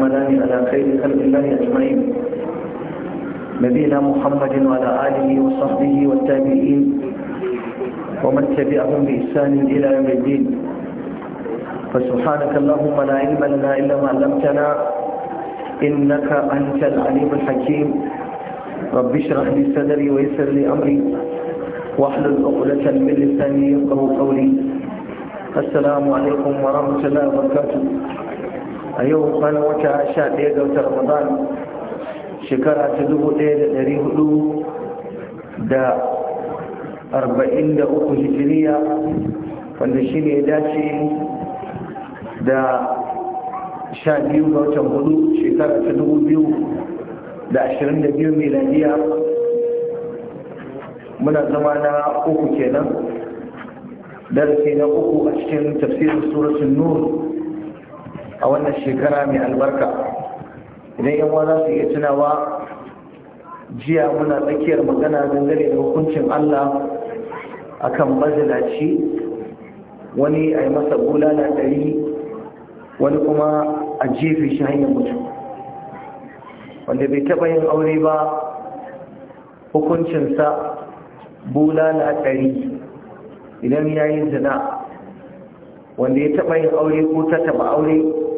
الأكملان على خير خلق الله أجمعين نبينا محمد وعلى آله وصحبه والتابعين ومن تبعهم بإحسان إلى يوم الدين فسبحانك اللهم لا علم لنا إلا ما علمتنا إنك أنت العليم الحكيم رب اشرح لي صدري ويسر لي أمري واحلل عقدة من لساني يفقه قولي السلام عليكم ورحمة الله وبركاته a yau kwanan wata sha ɗaya ga wata ramadan shekara ta dubu ɗaya da ɗari hudu da arba'in da uku hijiriya wanda shi ne dace da sha biyu ga watan hudu shekara ta dubu biyu da ashirin da biyu miladiya muna zama na uku kenan darasi na uku a cikin tafsirin suratun nur a wannan shekara mai albarka idan yan wa za su iya tunawa jiya muna tsakiyar magana dangane da hukuncin allah akan mazinaci wani a yi masa bulala ɗari wani kuma a jefe shi hanyar mutu. wanda bai taɓa yin aure ba hukuncinsa bulala ɗari idan ya yi zina wanda ya taɓa yin aure ko ta taɓa aure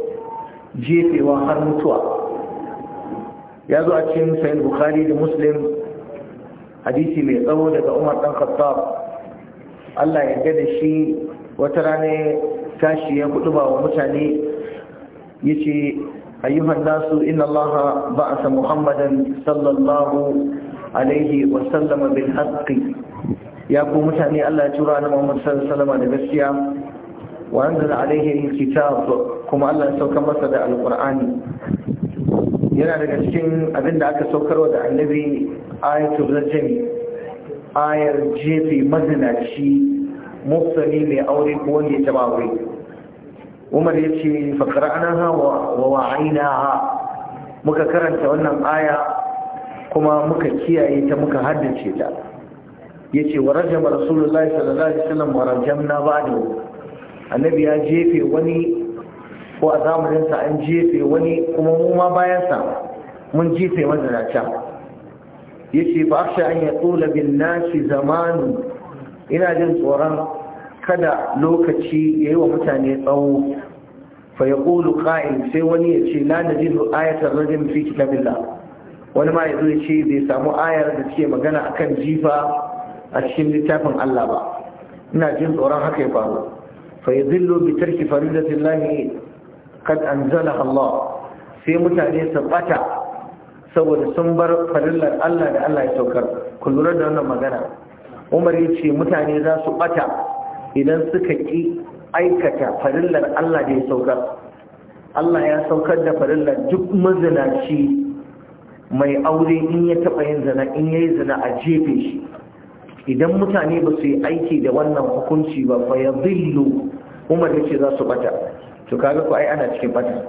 jefewa har mutuwa ya zo a cikin sayin bukhari da muslim hadisi mai tsawo daga umar dan khattab allah ya da shi wata rana tashi ya kudu ba wa mutane ya ce ayyuhan nasu inna allaha ba'asa muhammadan sallallahu alaihi wa sallama bil haqqi ya ku mutane allah ya tura na muhammad sallallahu alaihi da gaskiya wa anzala alaihi alkitab kuma Allah ya sauka masa da alqur'ani yana daga cikin abin da aka saukarwa da annabi ayatul rajmi ayar jefi mazinaci mufsani mai aure ko wanda ya taba aure umar ya ce faƙar'anaha wa wa'ainaha muka karanta wannan aya kuma muka kiyaye ta muka haddace ta ya ce wa rajama rasulullahi sallallahu alaihi wasallam wa rajamna ba'da annabi ya jefe wani ko a zamaninsa an jefe wani kuma mu ma bayansa mun jefe mazinaca ya ce ba aksha an ya tsola bin nashi zamanu ina jin tsoron kada lokaci ya yi wa mutane tsawo fa ya ƙulu ƙa'in sai wani ya ce la na jizu ayatar rajin fi kitabillah wani ma ya zo ya ce bai samu ayar da ce magana akan jifa a cikin littafin Allah ba ina jin tsoron haka ya faru فيضل بترك فريضة الله قد أنزلها الله sai mutane su bata saboda sun bar farillar Allah da Allah ya saukar ku lura da wannan magana Umar ya ce mutane za su bata idan suka ki aikata farillar Allah da ya saukar Allah ya saukar da farillar duk mazinaci mai aure in ya taɓa yin zina in ya yi zina a jefe shi idan mutane ba su yi aiki da wannan hukunci ba fa Umar zillu umar za su bata to kaga ku ai ana cikin bata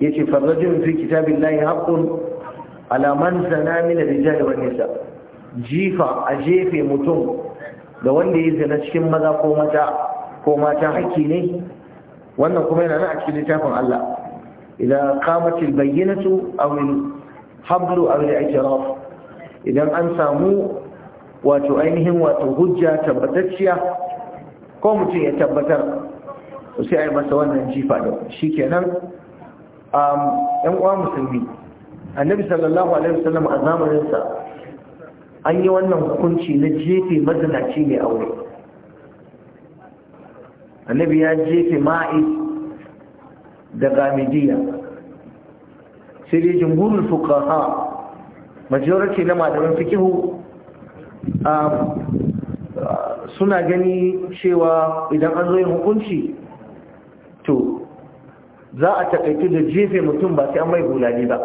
yace farajin fi kitabillahi haqqun ala man zana min ar-rijal wa sa. jifa a jefe mutum da wanda ya zina cikin maza ko mata ko mata haƙƙi ne wannan kuma yana nan a cikin littafin Allah idan qamatil bayyinatu a al-hablu aw al-i'tiraf idan an samu wato ainihin wato hujja tabbatacciya ko mutum ya tabbatar su sai a yi masa wannan jifa da shi kenan um, yan uwa musulmi annabi sallallahu alaihi wasallam a zamaninsa an yi wannan hukunci na jefe mazinaci mai aure annabi ya jefe ma'is da gamidiya sai dai jimhurin fukaha majority na malaman fikihu suna gani cewa idan an zo yin hukunci to za a takaitu da jefe mutum ba sai an mai bulali ba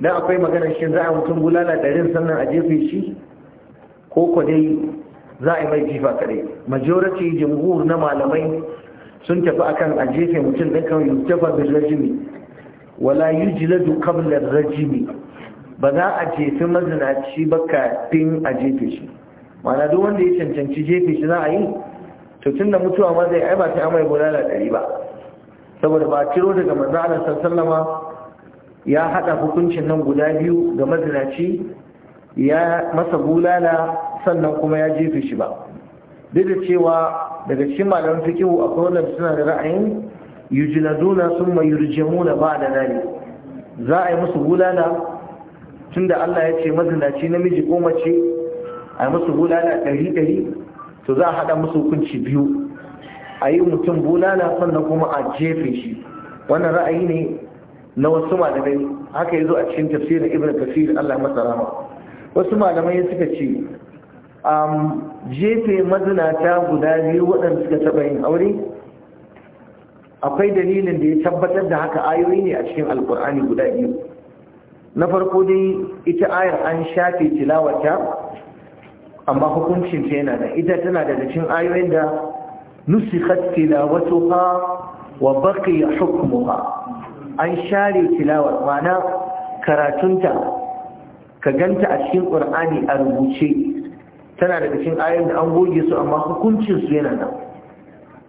don akwai maganar shi za a mutum bulala ɗarin sannan a jefe shi ko kwadai za a yi mai jifa kare majority jamhur na malamai sun tafi akan a jefe mutum ɗin kan yustafa bin rajimi wala jiladu kamlar rajimi ba za a jefi mazinaci ba kafin a jefe shi mana duk wanda ya cancanci jefe shi za a yi to tun da mutuwa ma zai aiba ta amai bulala ɗari ba saboda ba ciro daga manzo Allah ya haɗa hukuncin nan guda biyu ga mazinaci ya masa bulala sannan kuma ya jefe shi ba duk da cewa daga cikin malaman fikihu akwai wanda suna da ra'ayin sun yujladuna na ba da nari za a yi musu bulala tunda Allah ya ce mazinaci namiji ko mace a musu bulala ɗari ɗari to za a haɗa musu hukunci biyu a yi mutum bulala sannan kuma a jefe shi wannan ra'ayi ne na wasu malamai haka ya zo a cikin tafsirin ibn tafsir Allah masa rama wasu malamai suka ce jefe mazinata guda biyu waɗanda suka taɓa yin aure akwai dalilin da ya tabbatar da haka ayoyi ne a cikin alkur'ani guda biyu na farko dai ita ayar an shafe tilawata amma hukuncin ta yana da ita tana daga cikin ayoyin da nusikhat tilawatuha wa baqiya hukmuha an share tilawar mana karatunta ka ganta a cikin qur'ani a rubuce tana daga cikin ayoyin da an goge su amma hukuncin su yana nan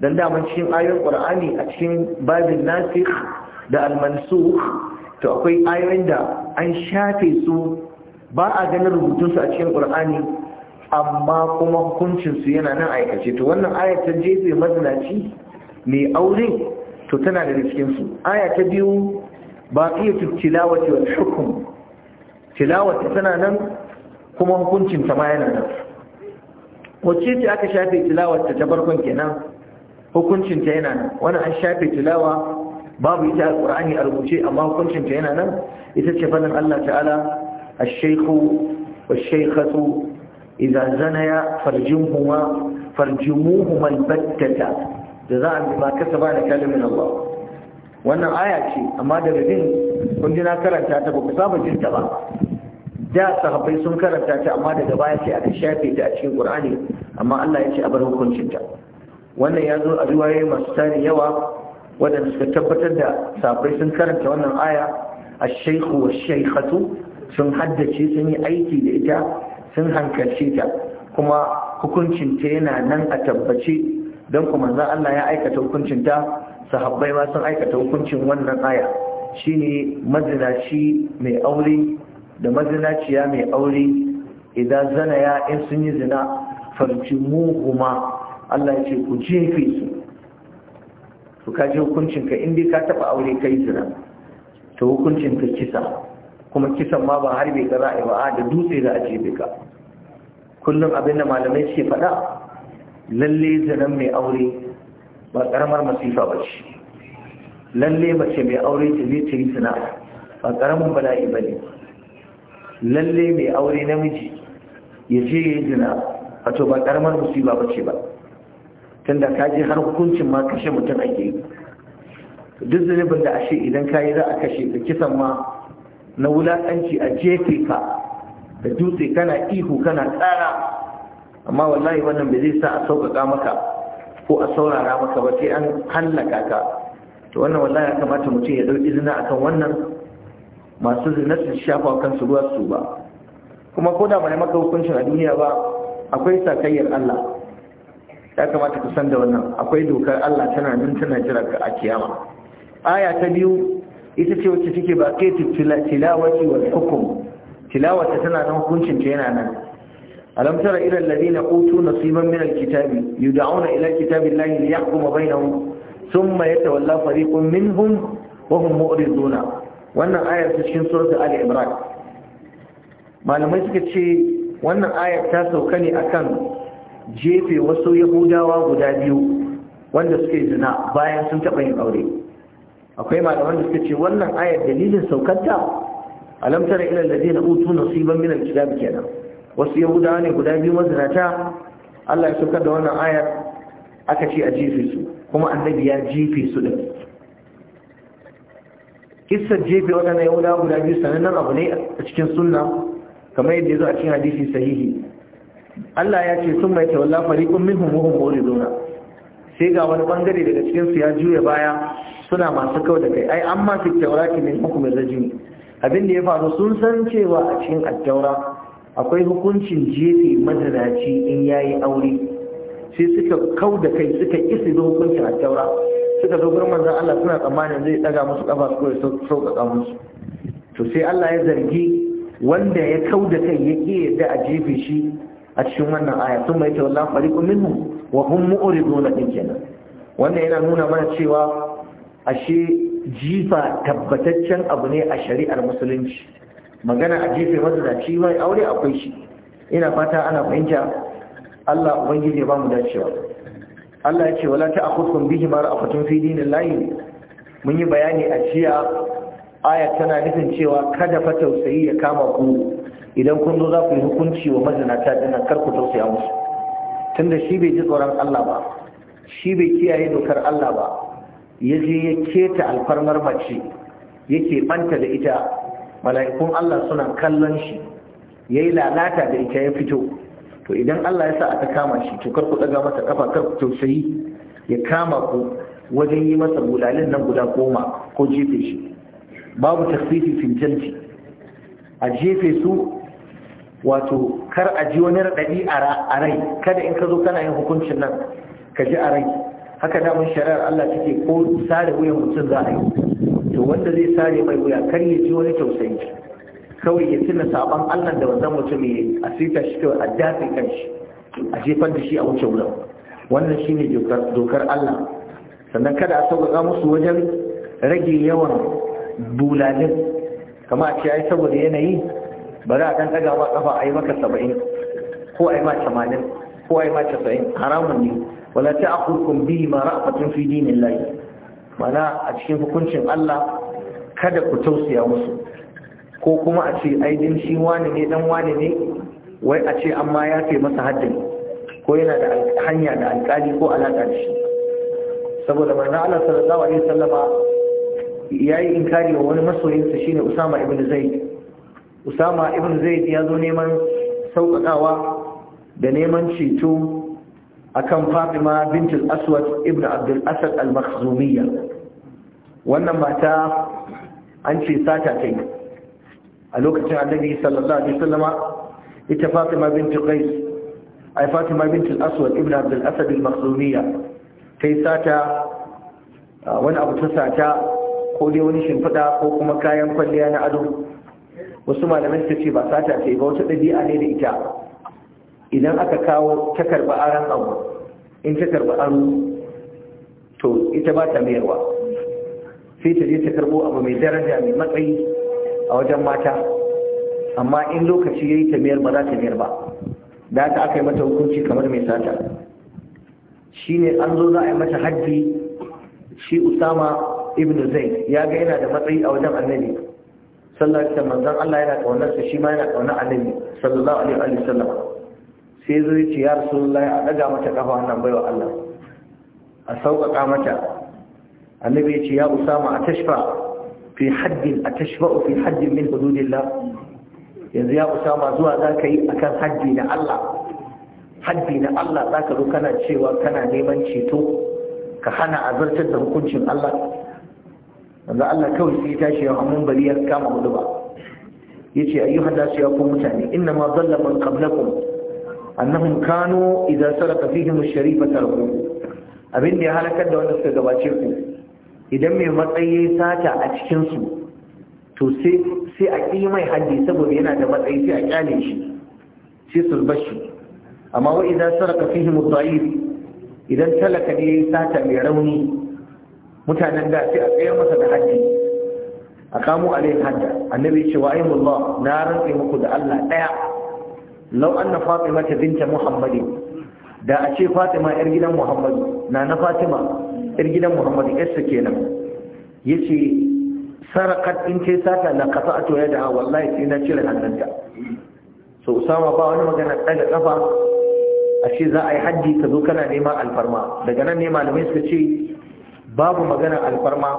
dan da cikin ayoyin qur'ani a cikin babin nasikh da al-mansukh to akwai ayoyin da an shafe su ba a ganin rubutunsu a cikin ƙur'ani amma kuma hukuncinsu yana nan aikace to wannan ayatar jefe mazinaci mai aure to tana da cikinsu aya ta biyu ba iya tilawati wa hukum tilawati tana nan kuma hukuncin ta ma yana nan wacce ce aka shafe tilawata ta farkon kenan hukuncin ta yana nan wani an shafe tilawa babu ita alqur'ani a rubuce amma hukuncin ta yana nan ita ce fannin Allah ta'ala ash-shaykhu wash-shaykhatu idza zanaya farjumuhuma farjumuhuma albattata ba kasa ba na kalimin Allah wannan aya ce amma da rubin kun ji karanta ta ba ku saba jin ta ba da sahabbai sun karanta ta amma daga baya sai a shafe ta a cikin ƙur'ani. amma Allah ya ce a bar hukuncin ta wannan ya zo a riwayoyi masu tarin yawa waɗanda suka tabbatar da safai sun karanta wannan aya a shaikhu wa shaikhatu sun haddace sun yi aiki da ita sun hankalce ta kuma hukuncin ta yana nan a tabbace don kuma za Allah ya aikata hukuncinta sahabbai ma sun aikata hukuncin wannan aya shine mazinaci mai aure da mazinaciya mai aure idan zana ya in sun yi zina mu muhuma Allah ya ce ku jefe su to ka ji hukuncin ka inda ka taba aure kai zina to hukuncin ka kisa kuma kisan ma ba harbe ka za a yi ba da dutse za a jebe ka kullum abinda malamai suke faɗa lalle zanen mai aure ba ƙaramar masifa ba ce lalle mace mai aure ta zai ta yi zina ba ƙaramin bala'i ba ne lalle mai aure namiji ya je ya yi zina wato ba ƙaramar musiba ba ce ba tunda ka har hukuncin ma kashe mutum ake duk zunubin da ashe idan kayi za a kashe ka kisan ma na wulaƙanci a jefe ka da dutse kana ihu kana tsara amma wallahi wannan bai zai sa a sauƙaƙa maka ko a saurara maka ba sai an hallaka ka to wannan wallahi ya kamata mutum ya ɗauki zina akan wannan masu zina su shafa kansu ruwa su ba kuma ko da ba maka hukuncin a duniya ba akwai sakayyar Allah ya kamata ka san da wannan akwai dokar Allah tana nan tana jira ka a kiyama aya ta biyu ita ce wacce take ba kai tilawati wal hukum tilawata tana nan hukuncin ta yana nan alam tara ila alladhina utu nasiban min alkitabi yud'auna ila kitabillahi liyahkuma bainahum thumma yatawalla fariqun minhum wa hum mu'riduna wannan ayar ta cikin suratul ali imran malamai suka ce wannan ayar ta sauka ne akan jefe wasu yahudawa guda biyu wanda suke zina bayan sun taɓa yin aure akwai malaman da suka ce wannan ayar dalilin saukanta A tara ila na utu nasiban min alkitab kenan wasu yahudawa ne guda biyu mazinata Allah ya saukar da wannan ayar aka ce a jefe su kuma annabi ya jefe su din kissar jefe waɗannan yahudawa guda biyu sanannen abu ne a cikin sunna kamar yadda ya zo a cikin hadisi sahihi Allah ya ce sun mai tawalla fariqun minhum wa hum muriduna sai ga wani bangare daga cikin su ya juya baya suna masu kau da kai ai amma fi tawrati min hukmin rajul abin da ya faru sun san cewa a cikin addaura akwai hukuncin jefe madaraci in yayi aure sai suka kau da kai suka isa da hukuncin addaura suka zo gurin manzon Allah suna tsammanin zai daga musu kafa su sauƙaƙa musu to sai Allah ya zargi wanda ya kau da kai ya kiyaye yadda a jefe shi a cikin wannan aya sun mai tawalla fariqun minhum wa hum mu'ridun din kenan wannan yana nuna mana cewa ashe jifa tabbataccen abu ne a shari'ar musulunci magana a jefe mazalaci mai aure akwai shi ina fata ana fahimta Allah ubangiji ba mu dacewa Allah ya ce wala ta'khudhukum bihi ma ra'afatun fi dinillahi mun yi bayani a jiya aya tana nufin cewa kada fa tausayi ya kama ku idan kun zo za ku yi hukunci wa mazinata dinan kar ku tausaya musu tunda shi bai ji tsoron Allah ba shi bai kiyaye dokar Allah ba ya je ya keta alfarmar mace yake banta da ita mala'ikun Allah suna kallon shi yayi lalata da ita ya fito to idan Allah ya sa aka kama shi to kar ku daga masa kafa kar ku tausayi ya kama ku wajen yi masa bulalin nan guda goma ko jefe shi babu tasfifi fil a jefe su wato kar a ji wani raɗaɗi a rai kada in ka zo kana yin hukuncin nan ka ji a rai haka da mun shari'ar Allah take ko sare wuyan mutum za a yi to wanda zai sare mai wuya kar ya ji wani tausayi kawai ya tuna saban Allah da wannan mutum ya asita shi kawai a dafe kanshi a jefar da shi a wuce wurin wannan shine dokar Allah sannan kada a sauƙaƙa musu wajen rage yawan bulalin kama a ce ai saboda yanayi Ba za a ɗan ɗaga ba ƙafa a yi maka saba'in ko a yi ma tamanin ko a yi ma casa'in haramun ne wala ta kurkun biyu ma ra'afatun fi dinin layi mana a cikin hukuncin Allah kada ku tausaya musu ko kuma a ce aidin shi wani ne dan wani ne wai a ce amma ya ce masa haddin ko yana da hanya da alƙali ko alaƙa da shi saboda mana Allah sallallahu alaihi wasallama yi inkari wa wani masoyinsa shine Usama ibn Zaid usama ibn zaid ya zo neman sauƙaƙawa da neman ceto akan fatima bintul aswad ibn abdul asad al-makhzumiyya wannan mata an ce sata ta a lokacin annabi sallallahu alaihi wasallama ita fatima bintul qais ai fatima bintul aswad ibn abdul asad al-makhzumiyya ta sata wani abu ta sata ko dai wani shimfiɗa ko kuma kayan kwalliya na ado wasu malamai suka ce ba sata ce ba wata ɗabi'a ne da ita idan aka kawo ta karɓi aron abu in ta karɓi aro to ita ba ta mayarwa sai ta je ta karɓo abu mai daraja mai matsayi a wajen mata amma in lokaci ya yi ta mayar ba za ta mayar ba da ta aka yi mata hukunci kamar mai sata shi ne an zo za a yi mata hajji shi usama ibn zaid ya ga yana da matsayi a wajen annabi sallallahu alaihi manzan Allah yana kaunar sa shi ma yana kaunar annabi sallallahu alaihi wa sallam sai zai ce ya rasulullahi ya daga mata kafa wannan baiwa Allah a sauƙaƙa mata annabi yace ya usama a tashfa fi haddin a tashfa fi haddin min hududillah yanzu ya usama zuwa za ka yi akan haddi na Allah haddi na Allah za ka zo kana cewa kana neman ceto ka hana azartar da hukuncin Allah manzo Allah kawai sai ya tashi ya hamun bari ya kama hudu ba Ya ce yace ayyuhan su ya ku mutane inna ma dhalla man qablakum kano idan idza sarqa fihim ash-sharifa taraku abin da ya halakar da wanda suka gabace ku idan mai matsayi ya sata a cikinsu. to sai a ƙi mai haddi saboda yana da matsayi sai a ƙyale shi sai su bar shi amma wa idza sarqa fihim ad-da'if idan talaka ne sata mai rauni mutanen da sai a tsayar masa da hajji a kamo alayhi hajja annabi ce wa na rantsi muku da Allah daya an na fatima ta binta Muhammadu. da a ce fatima ƴar gidan muhammadu na na fatima ƴar gidan muhammadu yarsa kenan yace sarakat in ce sata la qata'tu yadaha wallahi sai na cire hannunta so usama ba wani magana daga kafa a ce za a yi hajji ka zo kana neman alfarma daga nan ne malamai suka ce babu magana alfarma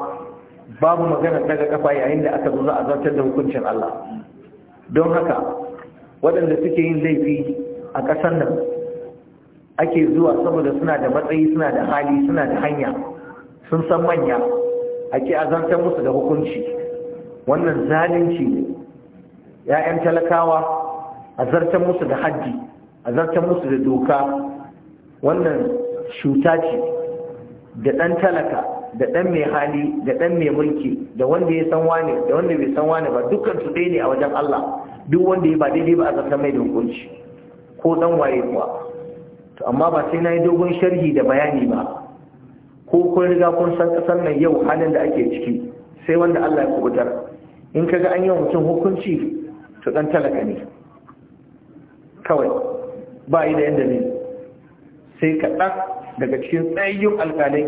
babu maganar daga kafa yayin da aka zo a zartar da hukuncin Allah don haka waɗanda suke yin laifi a ƙasar nan ake zuwa saboda suna da matsayi suna da hali suna da hanya sun san manya ake azantar musu da hukunci wannan zalunci ne ya'yan talakawa azartar musu da hajji, azartar musu da doka wannan cuta ce da ɗan talaka da ɗan mai hali da ɗan mai mulki da wanda ya san wane da wanda bai san wane ba dukkan su ɗaya ne a wajen Allah duk wanda ya ba daidai ba a zata mai da hukunci ko ɗan waye kuwa to amma ba sai na yi dogon sharhi da bayani ba ko kun riga kun san ƙasar nan yau halin da ake ciki sai wanda Allah ya kubutar in ka ga an yi mutum hukunci to ɗan talaka ne kawai ba yi da yadda ne sai kaɗan daga cikin tsayayyun alkalai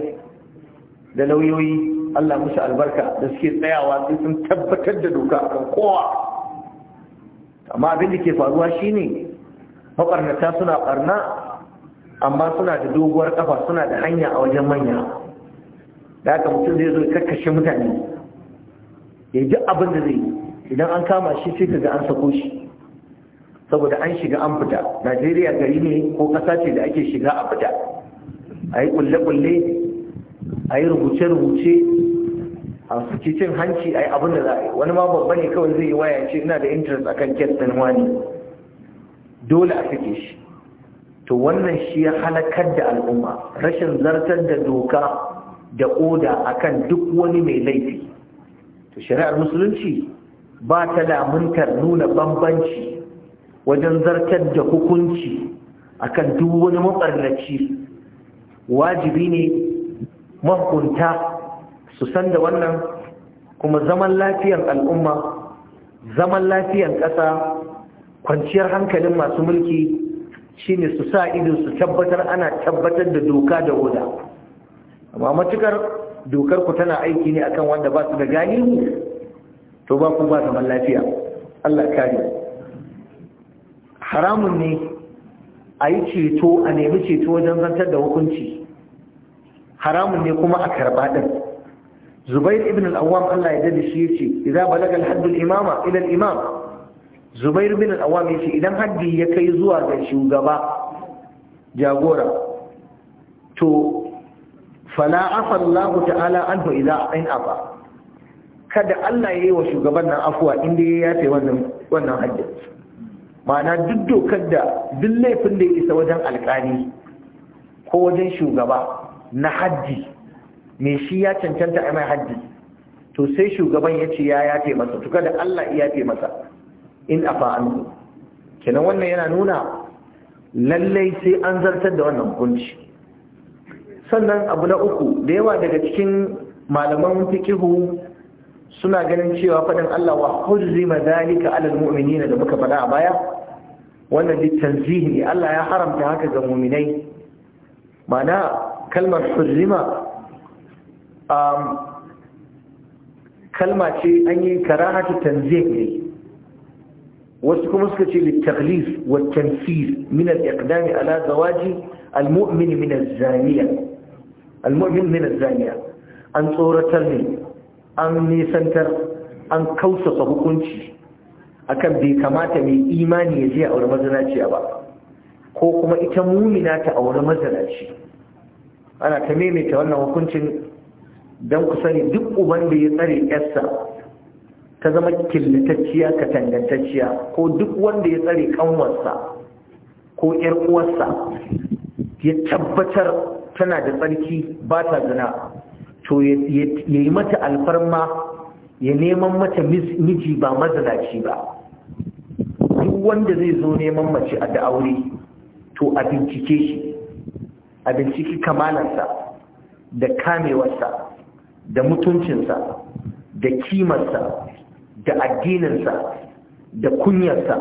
da lauyoyi Allah musu albarka da suke tsayawa sai sun tabbatar da doka kan kowa amma abin da ke faruwa shine mabarnata suna barna amma suna da doguwar ƙafa, suna da hanya a wajen manya da haka mutum zai zo kakkashe mutane ya ji abin da zai yi idan an kama shi sai kaga an sako shi saboda an shiga an fita najeriya gari ne ko ƙasa ce da ake shiga a fita a yi kulle-kulle a yi rubuce-rubuce a suke cin hanci a yi abin da za a yi wani ma babba ne kawai zai yi waya ce ina da interest a kan kes ɗin wani dole a suke shi to wannan shi ya halakar da al'umma rashin zartar da doka da oda akan duk wani mai laifi to shari'ar musulunci ba ta lamuntar nuna bambanci wajen zartar da hukunci akan duk wani mabarnaci wajibi ne mahukunta su san da wannan kuma zaman lafiyar al'umma zaman lafiyar ƙasa kwanciyar hankalin masu mulki ne su sa ido su tabbatar ana tabbatar da doka da oda amma matukar dokar ku tana aiki ne akan wanda ba su da gani? to ba ku ba zaman lafiya Allah kare haramun ne a yi ceto a nemi ceto wajen zantar da hukunci haramun ne kuma a karba din zubair ibn al-awwam Allah ya dade shi yace Idan balaga al-hadd al-imama ila al-imam zubair ibn al-awwam yace idan haddi ya kai zuwa ga shugaba jagora to fala afa Allah ta'ala anhu idza ain afa kada Allah yayi wa shugaban nan afuwa inda ya yafe wannan wannan haddi ma'ana duk dokar da duk laifin da ya isa wajen alƙali ko wajen shugaba na haddi mai shi ya cancanta a mai haddi to sai shugaban ya ce ya yafe masa tuka da Allah ya yafe masa in afa an kenan wannan yana nuna lallai sai an zartar da wannan hukunci sannan abu na uku da yawa daga cikin malaman fikihu suna ganin cewa faɗin Allah wa hujjima zalika alal mu'minina da muka faɗa a baya wannan littanzihi ne Allah ya haramta haka ga mu'minai mana kalmar hurrima um, kalma ce an yi karahatu tanzih ne wasu kuma suka ce littaglif wa tanfir min al ala zawaji al-mu'min zaniya al-mu'min zaniya an tsoratar ne an nisantar an kausafa hukunci akan bai kamata mai imani ya je aure mazanaciya ba ko kuma ita mumina ta auri mazanaci ana ta maimaita wannan hukuncin don ku sani duk uban da ya tsare yarsa ta zama killatacciya ka tangantacciya ko duk wanda ya tsare kanwarsa ko yar uwarsa ya tabbatar tana da tsarki ba ta zina to ya yi mata alfarma ya neman mata miji ba mazalaci ba duk wanda zai zo neman mace a da aure to a bincike shi a binciki kamalarsa da kamewarsa da mutuncinsa da kimarsa da addininsa da kunyarsa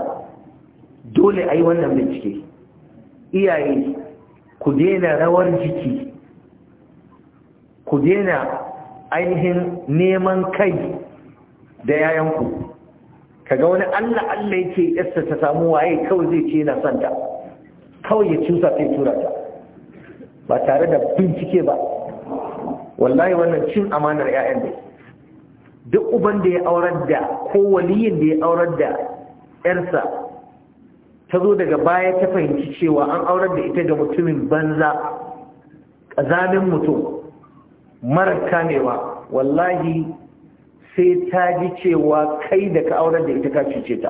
dole a yi wannan bincike iyaye ku daina rawar jiki ku daina ainihin neman kai da yayanku kaga wani allah allah yake yasta ta samu waye kawai zai ce yana santa kawai ya cusa sai turata ba tare da bincike ba wallahi wannan cin amanar 'ya'yan ne duk uban da ya aurar da ko waliyin da ya aurar da 'yarsa ta zo daga baya ta fahimci cewa an aurar da ita ga mutumin banza ƙazamin mutum mara kamewa wallahi sai ta ji cewa kai da ka aurar da ita ka cuce ta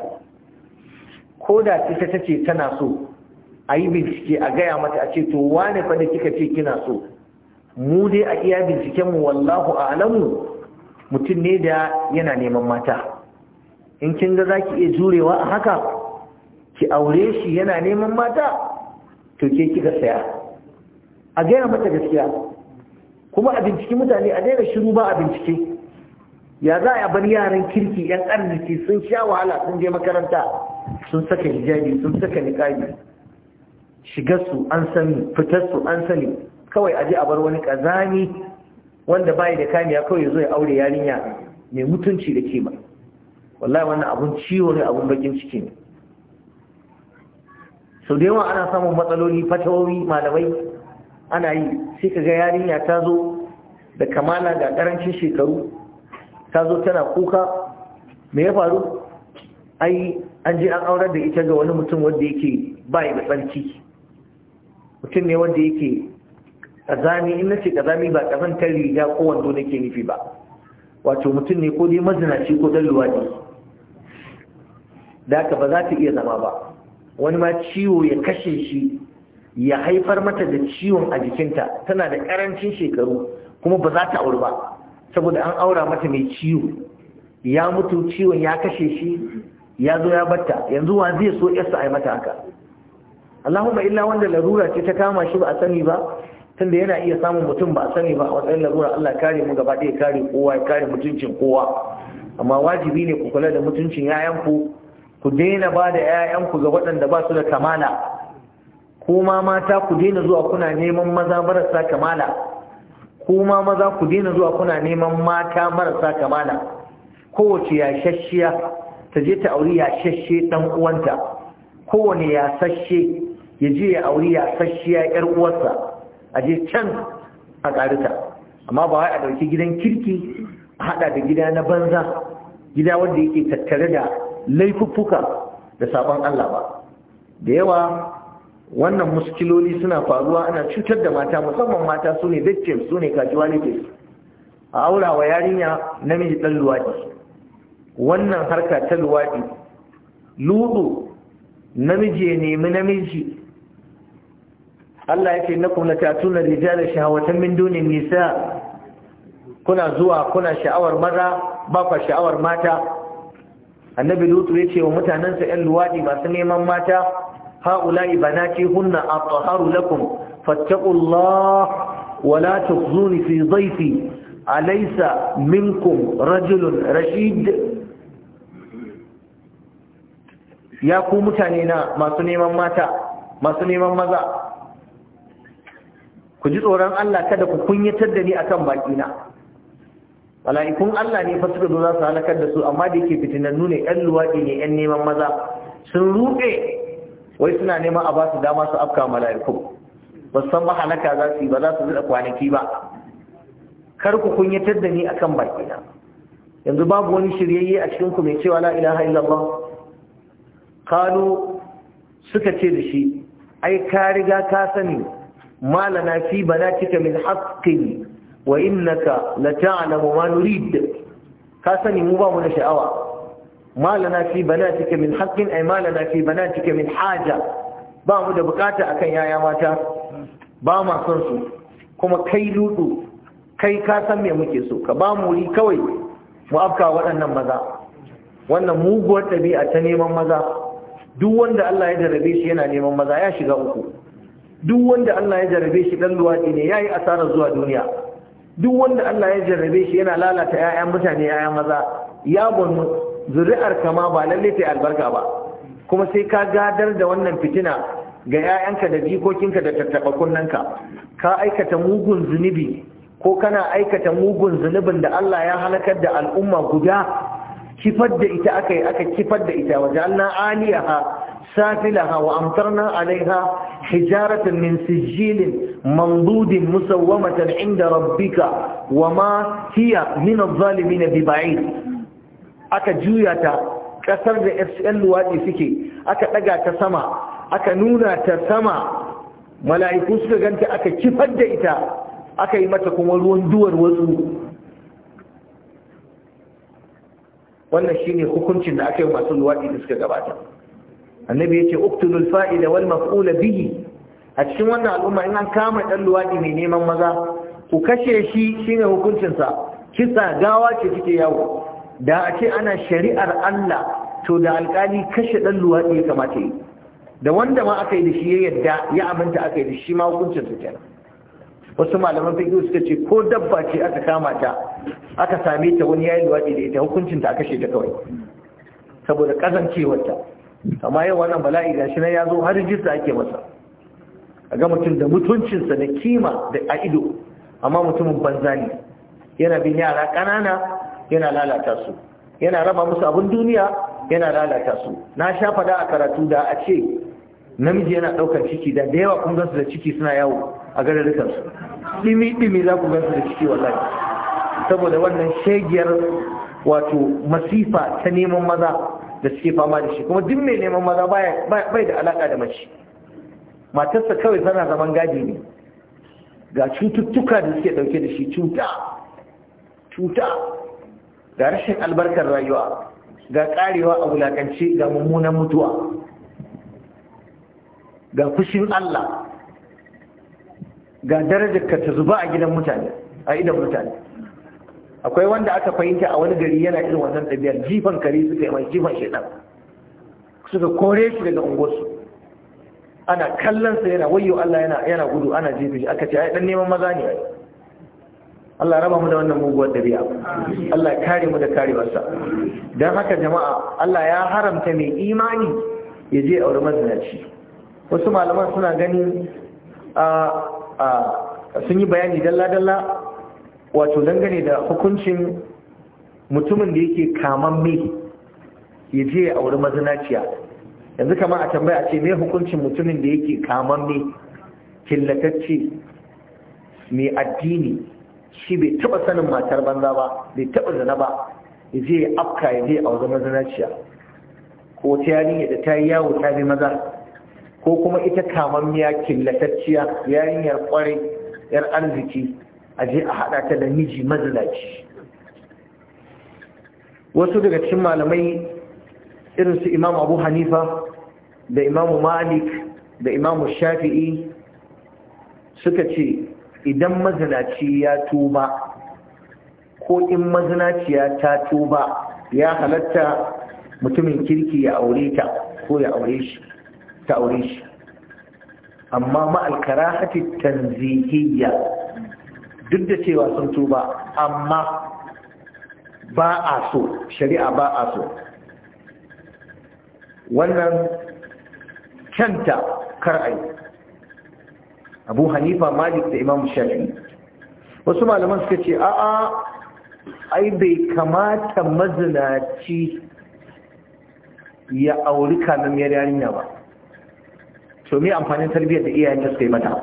ko da ita ta ce tana so a yi bincike a gaya mata a ce to wane fa da kika ce kina so mu dai a iya mu wallahu a alamu mutum ne da yana neman mata in kin ga zaki iya jurewa a haka ki aure shi yana neman mata to ke kika saya a gaya mata gaskiya kuma a binciki mutane a daina shiru ba a bincike ya za a bar yaran kirki yan arziki sun sha wahala sun je makaranta sun saka hijabi sun saka niƙabi shigarsu an sani fitarsu an sani kawai aje a bar wani kazani wanda bayi da kamiya kawai zo ya aure yarinya mai mutunci da kima wallahi wannan abun ciwo ne abun bakin ciki ne sau da yawa ana samun matsaloli fatawowi malamai ana yi sai ka ga yarinya ta zo da kamala ga karancin shekaru ta zo tana kuka me ya faru ai an je an aurar da ita ga wani mutum wanda yake bai da tsarki mutum ne wanda yake ƙazami in ce ƙazami ba kazantar riga ko wando nake nufi ba wato mutum ne ko dai mazinaci ko dan luwaɗi. da aka ba za ta iya zama ba wani ma ciwo ya kashe shi ya haifar mata da ciwon a jikinta tana da ƙarancin shekaru kuma ba za ta auri ba saboda an aura mata mai ciwo ya mutu ciwon ya kashe shi ya zo ya batta yanzu wa zai so yasa a yi mata haka ba illa wanda larura ce ta kama shi ba a sani ba tunda yana iya samun mutum ba a sani ba a matsayin larura Allah kare mu gaba ɗaya kare kowa ya kare mutuncin kowa amma wajibi ne ku kula da mutuncin yayanku ku daina ba da yayanku ga waɗanda ba su da kamala kuma mata ku daina zuwa kuna neman maza marasa kamala kuma maza ku daina zuwa kuna neman mata marasa kamala kowace yashashshiya ta je ta auri shashe ɗan'uwanta uwanta kowane yasashe ya je ya aure ya sashiya yar uwarsa a je can a ƙarita amma ba wai a ɗauki gidan kirki a haɗa da gida na banza gida wanda yake tattare da laifuffuka da sabon Allah ba da yawa wannan muskiloli suna faruwa ana cutar da mata musamman mata su ne victims su ne casualties a aura wa yarinya namiji ɗan luwaɗi wannan harka ta luwaɗi luɗu namiji ya nemi namiji Allah ya ce yake innakum latatuna rijala shahawatan min dunin nisa kuna zuwa kuna sha'awar maza ba kwa sha'awar mata annabi lutu ce wa mutanansa 'yan luwadi masu neman mata haula'i banati hunna athaharu lakum fattaqullah wa la tukhzuni fi dhayfi alaysa minkum rajulun rashid ya ku mutane na masu neman mata masu neman maza ku ji tsoron Allah kada ku kunyatar da ni akan bakina mala'ikun Allah ne fa suka zo za su halakar da su amma da yake fitinannu ne 'yan luwaɗi ne 'yan neman maza sun ruɗe wai suna neman a ba su dama su afka mala'ikun ba san ba halaka za su yi ba za su zuɗa kwanaki ba kar ku kunyatar da ni akan bakina yanzu babu wani shiryayye a cikin ku mai cewa la ilaha illallah kalu suka ce da shi ai ka riga ka sani ما لنا في بناتك من حق وإنك لتعلم ما نريد كاسني مبا من da sha'awa. لنا في بناتك من حق أي ما لنا في بناتك من حاجة ba mu da bukata akan yaya mata ba ma son su kuma kai ludu kai ka san me muke so ka ba mu wuri kawai mu afka waɗannan maza wannan muguwar ɗabi'a ta neman maza duk wanda Allah ya jarabe shi yana neman maza ya shiga uku duk wanda Allah ya jarrabe shi dan luwaɗi ne yayi asara zuwa duniya duk wanda Allah ya jarrabe shi yana lalata 'ya'yan mutane 'ya'yan maza ya gonu zuri'ar kama ba lalle ta albarka ba kuma sai ka gadar da wannan fitina ga 'ya'yanka da jikokinka da tattaɓa ka Ka aikata mugun zunubi ko kana aikata mugun zunubin da Allah ya halakar da al'umma guda kifar da ita aka yi aka kifar da ita wajen na aliyaha سافلها وأمطرنا عليها حجارة من سجيل منضود مسومة عند ربك وما هي من الظالمين ببعيد aka juya ta ƙasar da fsl luwaɗi suke aka ɗaga ta sama aka nuna ta sama mala'iku suka ganta aka kifar da ita akayi mata kuma ruwan duwar wasu wannan shine hukuncin da aka yi masu luwaɗi da suka gabata annabi yace uqtulul fa'ila wal maf'ula bihi a cikin wannan al'umma in an kama dan luwadi mai neman maza ku kashe shi shine hukuncin sa kisa gawa ce take yawo da a ce ana shari'ar Allah to da alkali kashe dan luwadi ya kamata yi da wanda ma aka yi da shi ya yadda ya aminta aka yi da shi ma hukuncin sa kenan wasu malaman fiqh suka ce ko dabba ce aka kama ta aka same ta wani yayin luwadi da ita hukuncin ta aka kashe ta kawai saboda kazancewarta amma yau wannan bala'i gashi nan ya zo har rijista ake masa a ga mutum da mutuncinsa da kima da a ido amma mutumin banza ne yana bin yara ƙanana yana lalata su yana raba musu abin duniya yana lalata su na sha fada a karatu da a ce namiji yana ɗaukar ciki da da yawa kun gansu da ciki suna yawo a kansu. ɗimi-ɗimi za ku gansu da ciki wallahi saboda wannan shegiyar wato masifa ta neman maza da suke fama da shi kuma duk mai neman maza bai da alaka da mace matarsa kawai tana zaman gadi ne ga cututtuka da suke dauke da shi cuta cuta ga rashin albarkar rayuwa ga karewa a wulakance ga mummunan mutuwa ga fushin Allah ga darajar ka ta zuba a gidan mutane a idan mutane akwai wanda aka fahimta a wani gari yana irin wannan ɗabi'ar jifan kare suka yi mai jifan shaidan suka kore shi daga unguwarsu ana kallon sa yana wayo Allah yana gudu ana jefe shi aka ce ai dan neman maza ne Allah raba mu da wannan muguwar dabi'a Allah kare mu da karewarsa Don haka jama'a Allah ya haramta mai imani ya je aure mazinaci wasu malaman suna ganin a sun yi bayani dalla dalla wato dangane da hukuncin mutumin da yake kaman me ya je ya auri mazinaciya yanzu kama a tambaya ce me hukuncin mutumin da yake kaman me killatacce mai addini shi bai taba sanin matar banza ba bai taba zana ba ya je afka ya je ya auri mazinaciya ko ta yarinya da ta yi yawo ta bi maza ko kuma ita kamammiya killatacciya yarinyar kwarai yar arziki Aje a haɗa ta da miji mazalaci wasu daga cikin malamai irin su imam abu hanifa da imamu malik da imamu shafi'i suka ce idan mazinaci ya tuba ko in mazinaciya ta tuba ya halatta mutumin kirki ya aure ta ko ya aure shi ta aure shi amma ma'alkara hati tanzihiyya duk da cewa sun tuba amma ba a so shari'a ba a so wannan canta kar'ai abu hanifa malik da imam shafi wasu malaman suka ce a'a ai bai kamata mazinaci ya auri kanin yarinya ba to me amfanin tarbiyyar da iyayen da suka yi mata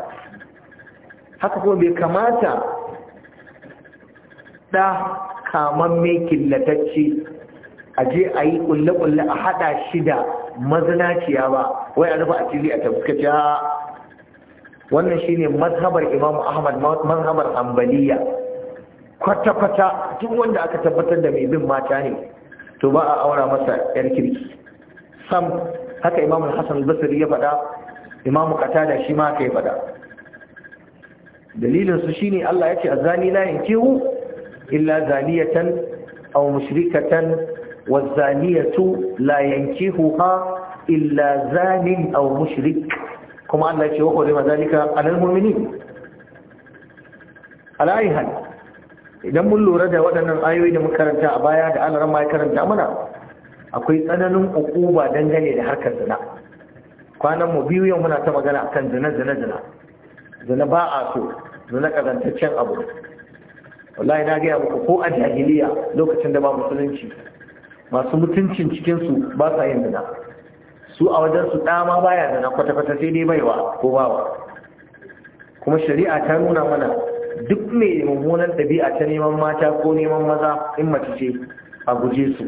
haka kuma bai kamata ɗa mai killatacce a je a yi kulle-kulle a haɗa shi da mazinaciya ba wai a rufa a cili a tafkaci wannan shi ne mazhabar imamu ahmad mazhabar ambaliya kwata-kwata tun wanda aka tabbatar da mai bin mata ne to ba a aura masa yar kirki sam haka imamu hassan Basir ya faɗa imamu da shi ma haka ya faɗa Dalilinsu shi ne Allah ya ce a zani layin kewu. illa zaniyatan aw mushrikatan wa zaniyatu la yankihuha illa zanin aw mushrik kuma Allah ya ce wa qulima zalika alal mu'minin alayi hal idan mun lura da waɗannan ayoyi da muka karanta a baya da Allah ma ya karanta mana akwai tsananin ukuba dangane da harkar zina kwanan mu biyu yau muna ta magana akan zina zina zina zina ba a so zina kazantaccen abu wallahi na gaya muku ko a jahiliya lokacin da ba musulunci masu mutuncin cikinsu ba sa yin zina su a wajen su dama baya zina kwata-kwata sai dai baiwa ko bawa kuma shari'a ta nuna mana duk mai mummunan dabi'a ta neman mata ko neman maza in mace ce a guje su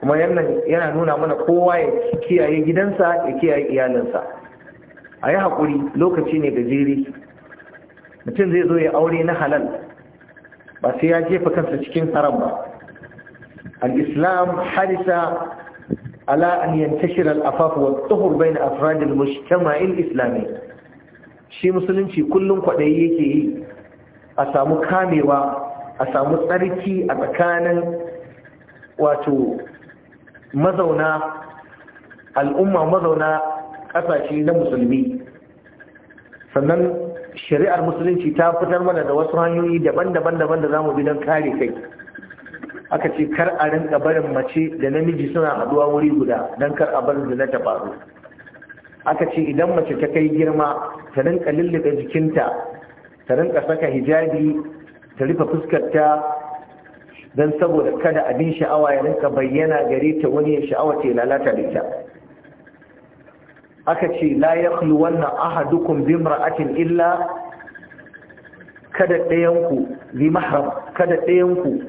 kuma yana nuna mana kowa ya kiyaye gidansa ya kiyaye iyalinsa a yi haƙuri lokaci ne gajere. mutum zai zo ya aure na halal ba sai ya jefa kansa cikin haram ba al-islam harisa ala an yantashir al-afaf wa tuhur bayna afrad al-mujtama' al-islami shi musulunci kullun kwadayi yake yi a samu kamewa a samu tsarki a tsakanin wato mazauna al'umma mazauna kasashe na musulmi sannan shari'ar musulunci ta fitar mana da wasu hanyoyi daban-daban daban da mu bi don kare kai aka ce kar a rinka barin mace da namiji suna haduwa wuri guda don kar a bar zina ta faru aka ce idan mace ta kai girma ta rinka lullube jikinta ta rinka saka hijabi ta rufe fuskarta don saboda kada abin sha'awa ya rinka bayyana gare ta wani sha'awa ce lalata da ita aka ce la kulu wannan ahadukum bi imra'atin illa kada ɗayanku bi mahram kada ɗayanku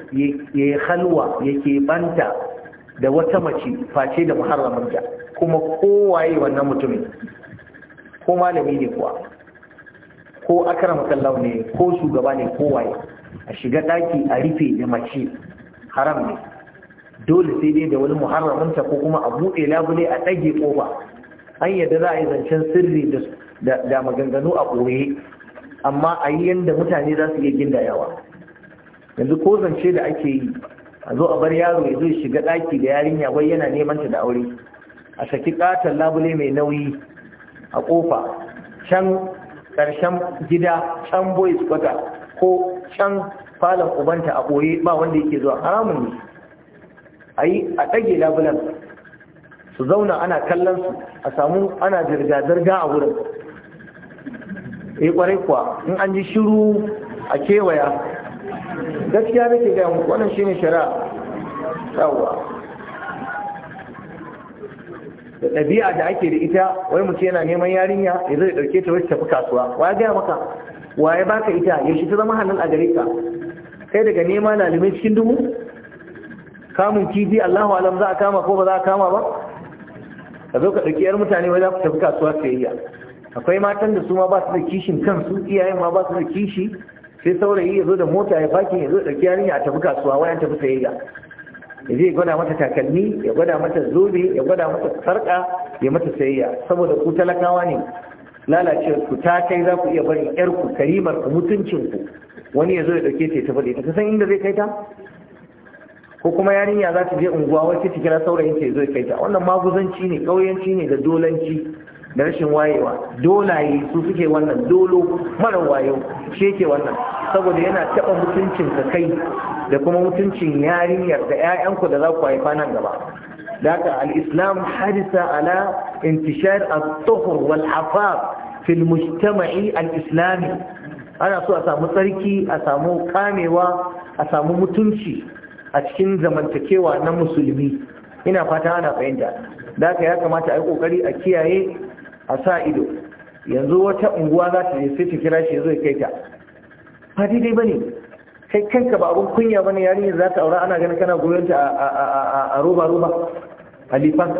yi halwa ke banta da wata mace face da muharraminta kuma kowaye wannan mutumin ko malami ne kuwa ko akrama matsalau ne ko shugaba ne kowaye a shiga ɗaki a rufe da mace haram ne dole sai dai da wani muharraminta ko kuma a buɗe labule a ɗage ƙofa an za a yi zancen sirri da maganganu a ɓoye amma a yi yadda mutane za su iya yawa yanzu ko zance da ake yi a zo a bar yaro ya zo shiga ɗaki da yarinya wai yana neman ta da aure a saki katon labule mai nauyi a ƙofa can ƙarshen gida can boys kwata ko can falon ubanta a ɓoye ba wanda yake zuwa haramun ne a yi a ɗage labulan su zauna ana kallon su a samu ana jirga-jirga a wurin eh kwarai kuwa in an ji shiru a kewaya gaskiya nake gaya muku wannan ne shari'a yawa da ɗabi'a da ake da ita wai mutu yana neman yarinya ya zai ɗauke ta wacce tafi kasuwa wa ya gaya maka wa ya baka ita ya shi ta zama hannun a gare ka kai daga nema na limin cikin dubu kamun kifi Allahu alam za a kama ko ba za a kama ba ka zo ka ɗauki yar mutane wai za ku tafi kasuwa sayayya akwai matan da su ma ba su da kishin kan kansu iyayen ma ba su da kishi sai saurayi ya zo da mota ya faki ya zo da yarinya a tafi kasuwa wayan tafi sayayya ya zai gwada mata takalmi ya gwada mata zobe ya gwada mata sarƙa ya mata sayayya saboda ku talakawa ne lalacewar ku ta kai za ku iya barin yar ku karimar ku mutuncin ku wani ya zo ya ɗauke ta tafi da ita ka san inda zai kai ta ko kuma yarinya za ta je unguwa wacce ta kira saurayin ta zo kai ta wannan maguzanci ne kauyanci ne da dolanci da rashin wayewa dolaye su suke wannan dolo mara wayo shi yake wannan saboda yana taɓa mutuncin ka kai da kuma mutuncin yarinyar da 'ya'yanku da za ku haifa nan gaba لك الإسلام حرص fil mujtama'i al islami ana so a samu tsarki, a samu أسامو a samu mutunci. a cikin zamantakewa na musulmi ina fata ana fahimta da haka ya kamata a yi kokari a kiyaye a sa ido yanzu wata unguwa za ta sai ta kira shi zai kai ta ba daidai ba ne kai kanka ba abun kunya ba ne yarinyar za ta aura ana ganin kana goyon ta a roba roba a lifan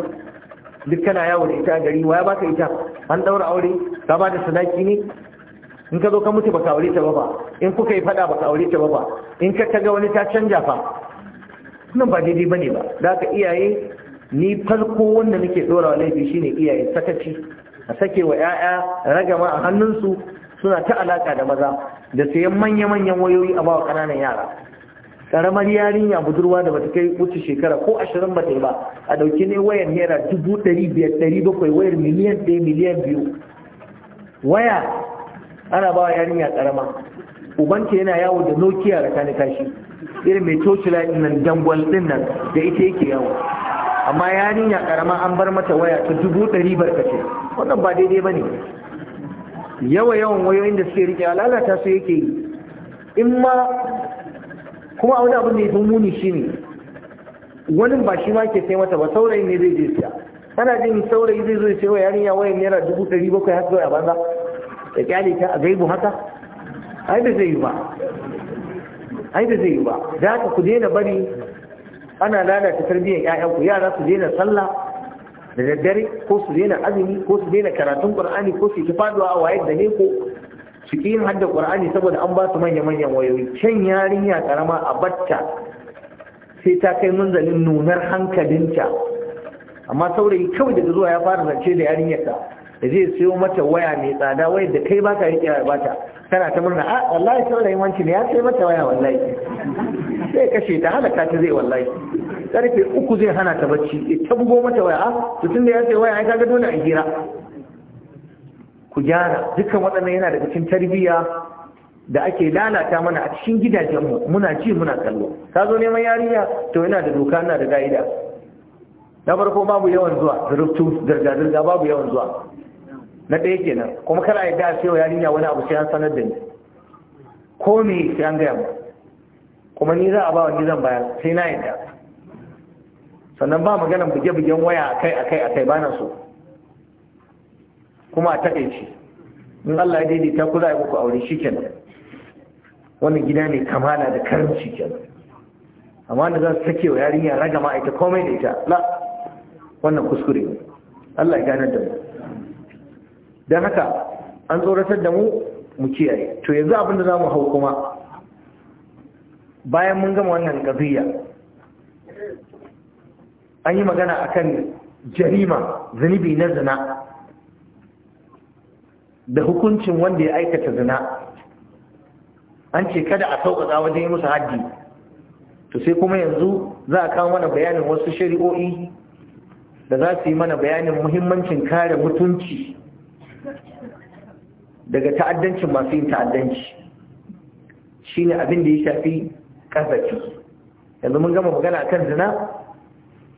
duk kana yawo da ita a gari waya baka ita an daura aure ka ba da sadaki ne in ka zo ka mutu baka aure ta ba ba in kuka yi fada baka aure ta ba ba in ka taga wani ta canja fa nan ba daidai bane ba da ka iyaye ni farko wanda nake dora wa laifi shine iyaye sakaci a sake wa 'ya'ya ragama a hannunsu suna ta alaka da maza da sayan manya-manyan wayoyi a bawa ƙananan yara karamar yarinya budurwa da bata kai wuce shekara ko ashirin ba yi ba a dauki ne wayar naira dubu ɗari biyar ɗari bakwai wayar miliyan ɗaya miliyan biyu waya ana bawa yarinya ƙarama. ubanta yana yawo da nokia da kani kashi irin mai tocila nan dangwal din nan da ita yake yawo amma yarinya karama an bar mata waya ta dubu ɗari barkace wannan ba daidai ba ne yawa yawan wayoyin da suke rike lalata su yake yi in ma kuma wani abin da ya fi muni ne. wani ba shi ma ke sai mata ba saurayi ne zai je siya kana jin saurayi zai zo ya sayo yarinya wayan naira dubu ɗari bakwai har zuwa banza da kyale ta a gaibu haka ai da zai yi ba ai da zai yi ba da haka ku daina bari ana lalata tarbiyyar ƴaƴanku yara su daina sallah da daddare ko su daina azumi ko su daina karatun qur'ani ko su ki faduwa a wayar da ne ko su ki hadda qur'ani saboda an ba su manya manyan wayoyi can yarinya karama a batta sai ta kai munzalin nunar hankalinta amma saurayi kawai daga zuwa ya fara zance da yarinyarta da zai siyo mata waya mai tsada wayar da kai baka riƙe ba ta kana ta murna a ah, wallahi saurayin wanci ne ya sai mata waya wallahi sai kashe ta halaka ta zai wallahi karfe uku zai hana ta bacci ta bugo mata waya a ah, tutun da ya sai waya ai kaga dole a gira. ku gyara dukkan waɗannan yana daga cikin tarbiyya da ake lalata mana a cikin gidajenmu muna ji muna kallo ka zo neman yarinya to yana da doka na da ga'ida na farko babu yawan zuwa zurftu zirga-zirga babu yawan zuwa na ɗaya kenan kuma kana yadda a cewa yarinya wani abu sai an sanar da ni ko me sai an gaya mu kuma ni za a ba wa ni zan bayar sai na yadda sannan ba maganan buge-bugen waya akai akai akai ba na so kuma a takaici in Allah ya daidaita ku za a yi muku aure shi kenan wannan gida ne kamala da karin kenan amma da za su sake wa yarinya ragama ita komai da ita la wannan kuskure ne Allah ya ganar da mu don haka an tsoratar da mu mu kiyaye to yanzu abinda za mu hau kuma bayan mun gama wannan ƙabiya an yi magana a kan jarima zunubi na zina da hukuncin wanda ya aikata zina an ce kada a sauƙaƙa wajen yi musu haddi to sai kuma yanzu za a kawo mana bayanin wasu shari'o'i da za su yi mana bayanin muhimmancin kare mutunci daga ta'addancin masu yin ta'addanci shi ne abin da ya shafi kazafi yanzu mun gama magana akan zina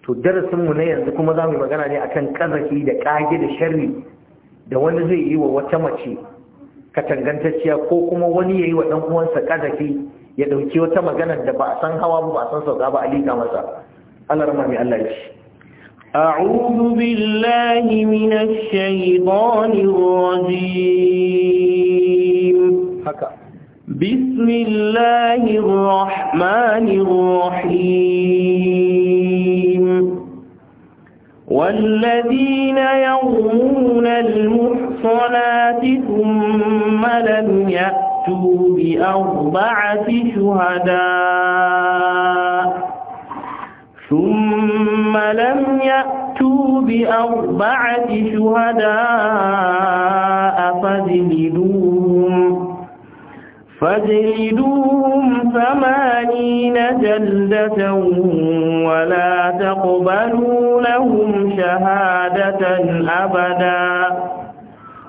to darasinmu na yanzu kuma za mu yi magana ne akan kazafi da ƙage da shari da wani zai yi wa wata mace katangantacciya ko kuma wani ya yi wa ɗan uwansa kazafi ya ɗauki wata magana da ba a san hawa ba ba a san sauka ba a liƙa masa Allah mai Allah ya ce أعوذ بالله من الشيطان الرجيم بسم الله الرحمن الرحيم والذين يرمون المحصنات ثم لم يأتوا بأربعة شهداء ثم ثم لم يأتوا بأربعة شهداء فاجلدوهم فاجلدوهم ثمانين جلدة ولا تقبلوا لهم شهادة أبدا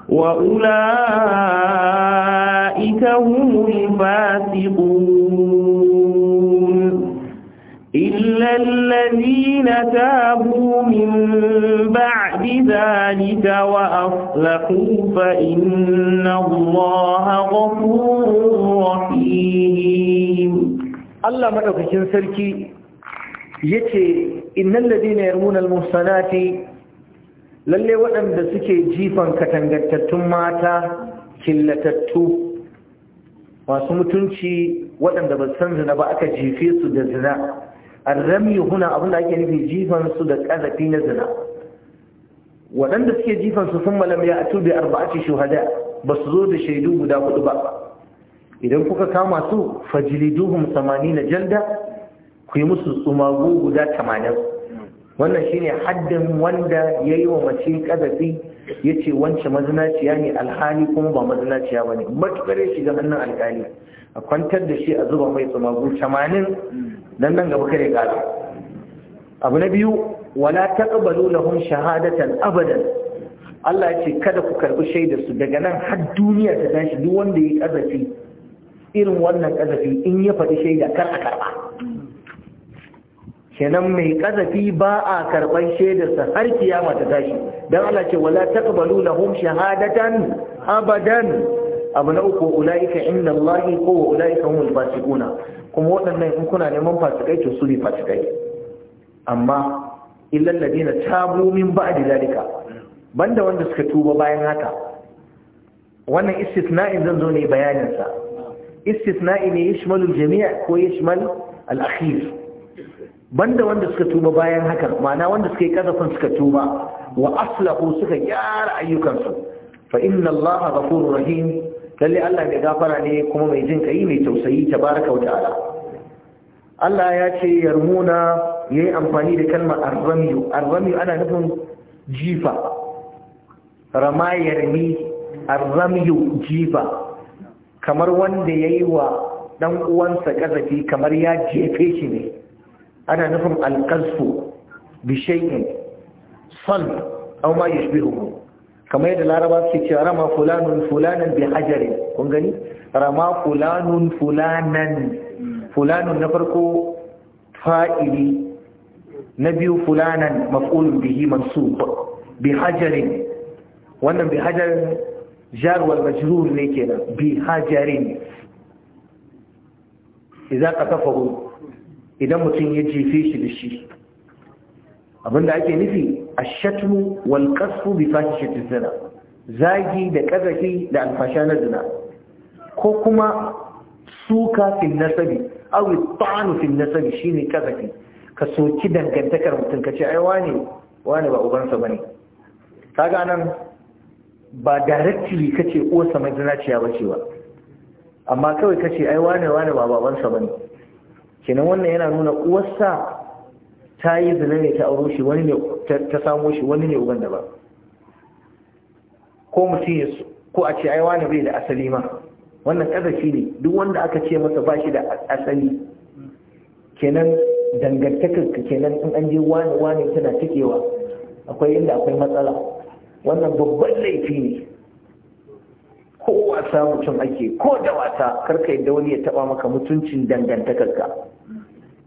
وأولئك هم الفاسقون إلا الذين تابوا من بعد ذلك وأصلحوا فإن الله غفور رحيم الله مدوكين سركي yace innal ladina yarmuna almuhsanati lalle waɗanda suke jifan katangantattun mata killatattu masu mutunci waɗanda ba san zina ba aka jife su da zina arramiyu huna abin da ake nufi jifan su da ƙazafi na zina waɗanda suke jifan su sun malam ya atu bi arba'ati shuhada ba su zo da shaidu guda hudu ba idan kuka kama su fajliduhum na janda, ku yi musu tsumago guda tamanin. wannan shine haddin wanda yayi wa mace ƙazafi yace wance mazinaciya ne alhali kuma ba mazinaciya bane matukar ya shiga hannun alƙali a kwantar da shi a zuba mai tsumagu 80 dan nan gaba kare gaba abu na biyu wala taqbalu lahum shahadatan abadan Allah ce kada ku karbi shaidar su daga nan har duniya ta tashi duk wanda ya kazafi irin wannan kazafi in ya faɗi shaida kar a karba kenan mai kazafi ba a karban shaidarsa har kiyama ta tashi don Allah ce wala taqbalu lahum shahadatan abadan abu na uku ulaika inda Allahi ko wa ulaika humul fasiquna kuma waɗannan in kuna neman fasikai to su ne fasikai amma illal ladina tabu min ba'di zalika banda wanda suka tuba bayan haka wannan istithna'in zan zo ne bayanin sa istithna'i ne yashmalu al-jami' ko yashmal al-akhir banda wanda suka tuba bayan haka ma'ana wanda suka yi kazafin suka tuba wa aslahu suka gyara ayyukansu fa inna allaha ghafurur rahim lalle Allah mai gafara ne kuma mai jin kai mai tausayi tabaraka wa ta'ala Allah ya ce yarmuna yayi amfani da kalmar arramiyu arramiyu ana nufin jifa rama yarmi arramiyu jifa kamar wanda yayi wa dan uwansa kazafi kamar ya jefe shi ne ana nufin alqazfu bi shay'in sal aw ma yushbihuhu kamar yadda laraba suke cewa rama fulanun fulanan bi hajarin kun gani rama fulanun fulanan fulanun na farko fa'ili na biyu fulanan maf'ulun bihi mansub bi hajarin wannan bi hajarin jar wal majrur ne kenan bi hajarin idan ka kafa idan mutum ya jefe shi da shi Abin da ake nufi ashatmu wal qasfu bi fahishati zina zagi da ƙazafi da alfasha na zina ko kuma suka fil nasabi awi tsanu fil nasabi shine kazafi ka soki dangantakar mutum ce ai wane wane ba ubansa ba ne. kaga nan ba directly kace uwarsa mai zinaciya ce ba amma kawai ka ce ai wane wane ba ba ne kenan wannan yana nuna uwarsa ta yi zina ne ta auro shi wani ne ta samo shi wani ne uban da ba ko mutum ya ko a ce ai wani bai da asali ma wannan ƙazafi ne duk wanda aka ce masa ba shi da asali kenan dangantakar kenan in an je wani wani tana tikewa akwai inda akwai matsala wannan babban laifi ne ko wasa mutum ake ko da wasa karka yadda wani ya taba maka mutuncin dangantakarka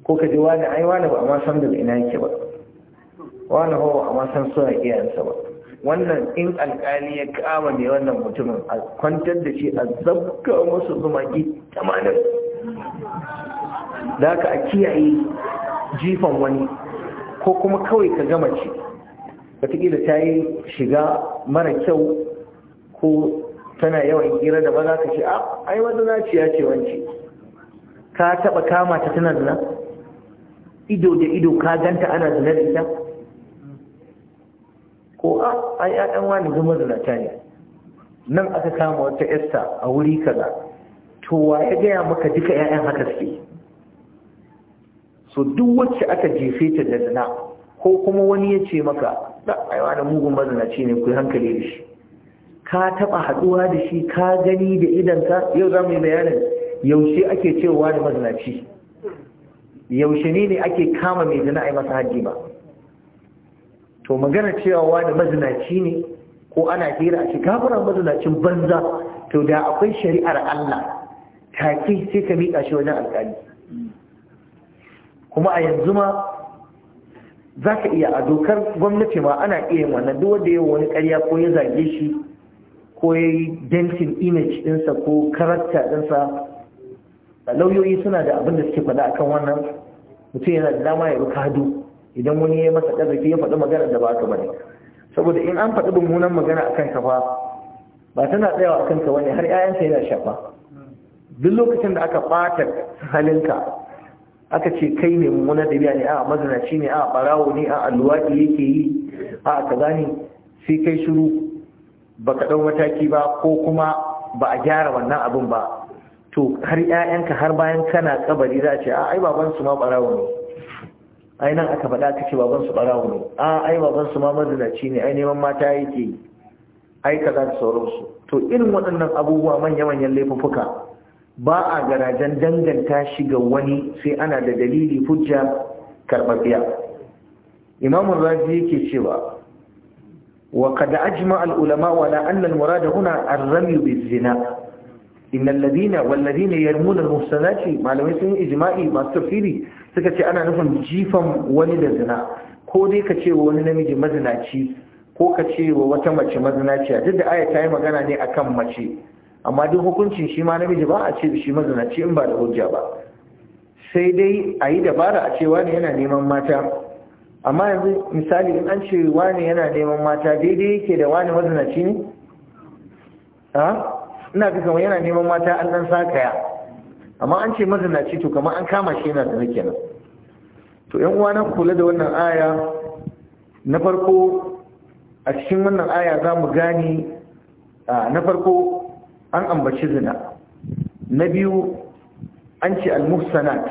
ko ka ji wani ai wani ba amma san daga ina yake ba wani ba amma san suna iyayensa ba wannan in alkali ya kama ne wannan mutumin a kwantar da shi a zabka musu zumaki tamanin da haka a kiyaye jifan wani ko kuma kawai ka gama ce Ba ta yi shiga mara kyau ko tana yawan hira da ba za ka ce a ah, ai na ce ce wance ka taɓa kama ta tana da ido da ido ka ganta ana zina da ita ko a ah, ai ƴaƴan wani zuma zinata ne nan aka kama wata esta a wuri kaza to wa ya gaya maka duka 'ya'yan haka suke so duk wacce aka jefe ta da zina ko kuma wani ya ce maka da ah, ai wani mugun mazinaci ne ku hankali da shi ka taɓa haɗuwa da shi ka gani da idanka yau za mu yi bayanin yaushe ake cewa da mazinaci yaushe ne ne ake kama mai zina a yi masa hajji ba to magana cewa wani mazinaci ne ko ana hira a shiga mazinacin banza to da akwai shari'ar Allah take sai ka miƙa shi wajen alƙali kuma a yanzu ma za ka iya a dokar gwamnati ma ana iya wannan duk wanda ya wani ƙarya ko ya zage shi ko ya yi dentin image ɗinsa ko karakta ɗinsa lauyoyi suna da abin da suke faɗa akan wannan mutum yana da dama ya bi kadu idan wani ya masa ƙarfi ya faɗi magana da ba ka bane saboda in an faɗi mummunan magana akan ka fa ba tana tsayawa akan ka wani har sa yana shafa duk lokacin da aka ɓata halinka aka ce kai ne mummunan dabi'a ne a shi ne a ɓarawo ne a alluwaɗi yake yi a ka ne sai kai shiru ba ka ɗau mataki ba ko kuma ba a gyara wannan abin ba to har ƴaƴanka har bayan kana kabari za a ce a ai baban su ma barawo ne ai nan aka faɗa aka baban su barawo ne a ai baban su ma mazinaci ne ai neman mata yake yi ka za sauro sauransu to irin waɗannan abubuwa manya manyan laifuka ba a garajen danganta shi ga wani sai ana da dalili hujja karɓaɓɓiya imam razi yake cewa wa kada ajma al ulama wala anna al murada huna ar-ramy bizina innal ladina wal ladina yarmuna al muhsanati malamai sun yi ijma'i masu tafsiri suka ce ana nufin jifan wani da zina ko dai ka ce wa wani namiji mazinaci ko ka ce wa wata mace mazinaciya duk da aya ta yi magana ne akan mace amma duk hukuncin shi ma namiji ba a ce shi mazinaci in ba da hujja ba sai dai a yi dabara a ce wani yana neman mata amma yanzu misali in an ce wani yana neman mata daidai yake da wani mazinaci ne ina ga kamar yana neman mata an nan sakaya amma an ce mazinaci to kamar an kama shi yana da kenan to yan uwa na kula da wannan aya na farko a cikin wannan aya za mu gani na farko an ambaci zina na biyu an ce al-muhsanat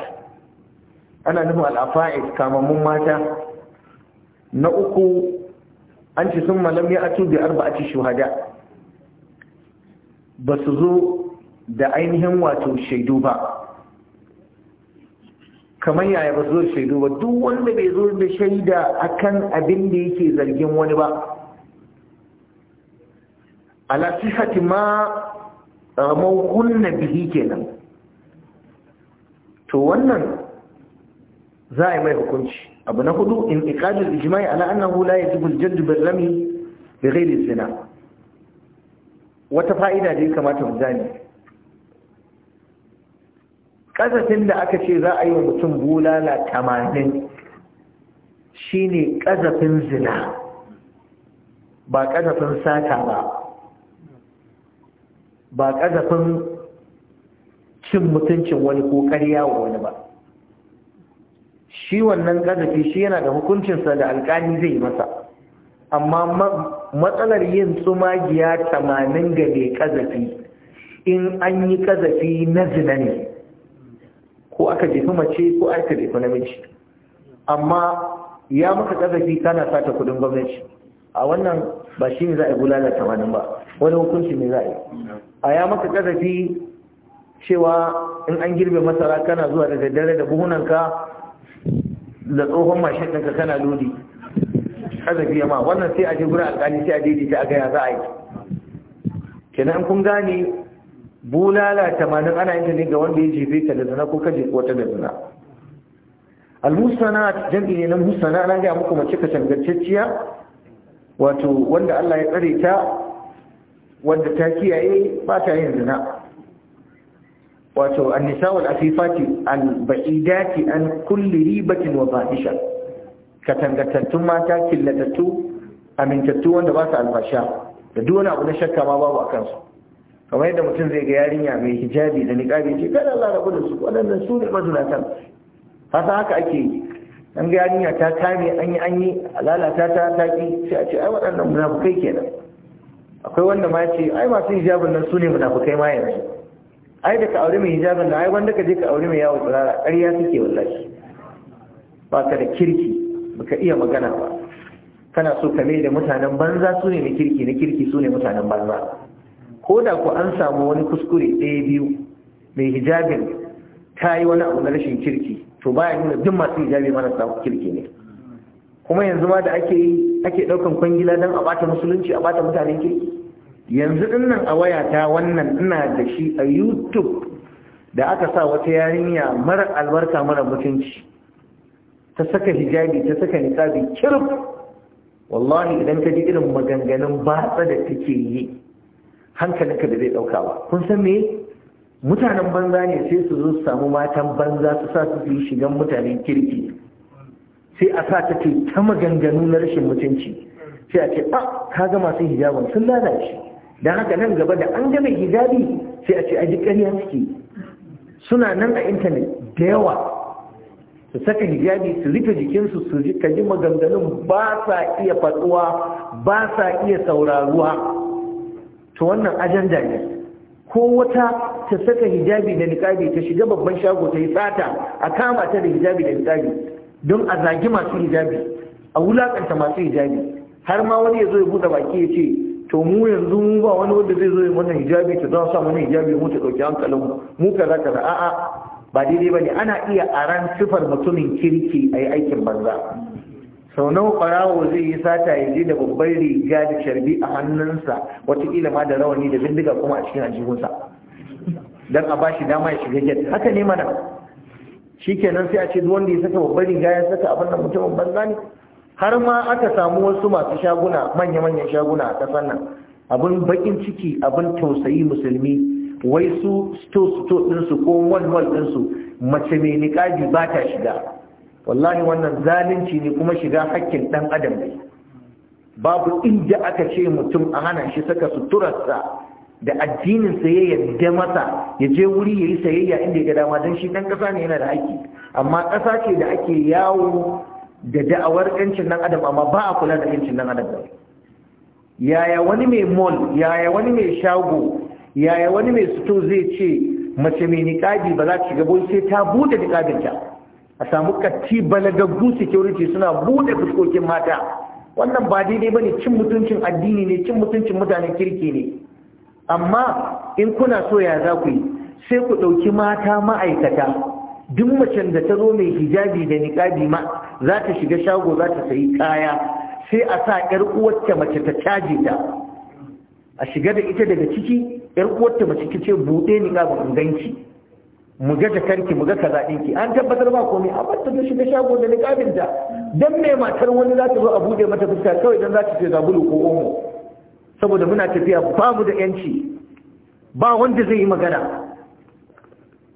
ana nufin al-afa'id kamammun mata na uku an ce sun malam ya atu bi arba'ati shuhada ba su zo da ainihin wato shaidu ba kamar yaya ba su zo shaidu ba duk wanda bai zo da shaida akan abin da yake zargin wani ba alasihati ma uh, ma na bihi kenan to wannan za a yi mai hukunci abu na hudu in ikajin ijma'i ala annahu la yajibu al bil rami bi ghairi zina wata fa'ida da ya kamata mu zane ƙazafin da aka ce za a yi wa mutum bulala tamanin shi ne ƙazafin zina ba ƙazafin sata ba ba ƙazafin cin mutuncin wani ko ƙarya wa wani ba shi wannan ƙazafi shi yana da hukuncinsa da alƙali zai yi masa amma matsalar yin tsumagiya tamanin ga mai kazafi in an yi kazafi na zina ne ko aka jefi mace ko aka jefi namiji amma ya maka kazafi kana sata kudin gwamnati a wannan ba shi ne za a da tamanin ba wani hukunci ne za a yi a ya maka kazafi cewa in an girbe masara kana zuwa da daddare da buhunanka da tsohon mashin ɗinka kana lodi kazafi ya ma wannan sai a je gurin alƙali sai a daidaita a gaya za a yi kenan kun gane bulala tamanin ana yin ne ga wanda ya jefe ta da zina ko kaje jefe wata da zina almusanat jam'i ne na musana ana gaya muku mace ka cangancacciya wato wanda Allah ya tsare ta wanda ta kiyaye ba ta yin zina wato annisa wal afifati al ba'idati an kulli ribatin wa fahisha katangatattun mata killatattu amintattu wanda ba su albasha da duk wani abu na shakka ma babu a kansu kamar yadda mutum zai ga yarinya mai hijabi da niqabi ce kada Allah rabu da su waɗannan su ne mazunata hasa haka ake yi an ga yarinya ta kame an yi an yi lalata ta ta ki sai a ce ai waɗannan munafukai kenan akwai wanda ma ce ai masu hijabin nan su ne munafukai ma yanzu ai da ka aure mai hijabin nan ai wanda ka je ka aure mai yawo tsirara ƙarya suke wallahi ba ka da kirki baka iya magana ba kana so ka da mutanen banza su ne na kirki na kirki su ne mutanen banza ko da ku an samu wani kuskure ɗaya biyu mai hijabin ta yi wani abu na rashin kirki to baya nuna duk masu hijabi mana samu kirki ne kuma yanzu ma da ake yi ake ɗaukan kwangila don a bata musulunci a bata mutanen kirki yanzu nan a wayata wannan ina da shi a youtube da aka sa wata yarinya mara albarka mara mutunci ta saka hijabi ta saka nisabi kirf wallahi idan ka ji irin maganganun batsa da take yi hankalinka da zai ɗauka ba kun san me mutanen banza ne sai su zo su samu matan banza su sa su yi shigan mutanen kirki sai a sa ta ta maganganu na rashin mutunci sai a ce ah ka gama masu hijabin sun lalace don haka nan gaba da an gama hijabi sai a ce a ji ƙarya suke suna nan a intanet da yawa su saka hijabi su rufe jikinsu su ji kaji maganganun ba sa iya faduwa ba sa iya sauraruwa to wannan ajanda ne ko wata ta saka hijabi da niqabi ta shiga babban shago ta yi sata a kama ta da hijabi da niqabi don a zagi masu hijabi a wulakanta masu hijabi har ma wani ya zo ya buɗe baki ya ce to mu yanzu mu ba wani wanda zai zo ya mana hijabi ta za sa mana hijabi mu ta ɗauki hankalin mu kaza kaza a'a ba daidai ba ne ana iya aran sifar mutumin kirki a yi aikin banza sau nawa ƙwararwa zai yi sata ya je da babbar riga da sharbi a hannunsa watakila ma da rawani da bindiga kuma a cikin aljihunsa don a bashi dama ya shiga jet haka ne mana shi kenan sai a ce duk wanda ya saka babbar riga ya saka abin mutumin banza ne har ma aka samu wasu masu shaguna manya-manyan shaguna a ƙasar nan abin bakin ciki abin tausayi musulmi wai su sto sto ɗinsu ko wal wal ɗinsu mace mai niƙaji ba ta shiga wallahi wannan zalunci ne kuma shiga hakkin ɗan adam ne babu inda aka ce mutum a hana shi saka suturarsa da addininsa ya yadda masa ya je wuri ya yi sayayya inda ya ga dama don shi ɗan ƙasa ne yana da haƙƙi amma ƙasa ce da ake yawo da da'awar ƴancin ɗan adam amma ba a kula da ƴancin ɗan adam yaya wani mai mall yaya wani mai shago yaya wani mai suto zai ce mace mai niƙabi ba za ta shiga bai sai ta bude niƙabinta a samu katti balagaggu security suna bude fuskokin mata wannan ba daidai ba ne cin mutuncin addini ne cin mutuncin mutanen kirki ne amma in kuna so ya za ku yi sai ku ɗauki mata ma'aikata duk macen da ta zo mai hijabi da niƙabi ma za ta shiga shago za ta sayi kaya sai a sa 'yar uwarta mace ta caje ta a shiga da ita daga ciki yar uwarta mace ta ce buɗe ni ga ban mu ga jakarki mu ga kaza ɗinki an tabbatar ba komai a bar ta shiga shago da niƙabin don dan me matar wani za ta zo a buɗe mata fuska kawai dan za ta ce zabulu ko omo saboda muna tafiya ba mu da yanci ba wanda zai yi magana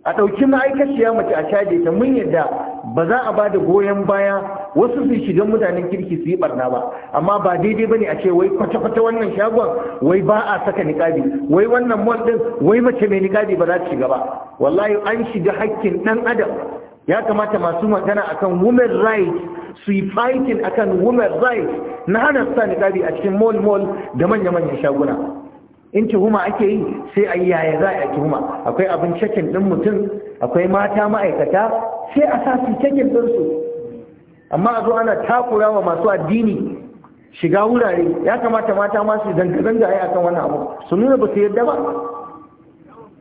a ɗauki ma'aikaciya mace a shaɗe ta mun yadda ba za a ba da goyon baya wasu su shiga mutanen kirki su yi barna ba amma ba daidai bane a ce wai kwata-kwata wannan shagon wai ba a saka niƙabi wai wannan mall din wai mace mai niƙabi ba za ta shiga ba wallahi an shiga hakkin ɗan adam ya kamata masu magana akan women rights su yi fighting akan women rights na hana sa niƙabi a cikin mall mall da manya-manyan shaguna in tuhuma ake yi sai a yi yaya za a tuhuma akwai abin cakin ɗin mutum akwai mata ma'aikata sai a sa su din su amma a zo ana takura wa masu addini shiga wurare ya kamata mata ma su zanga-zanga a akan wani abu su nuna ba su yadda ba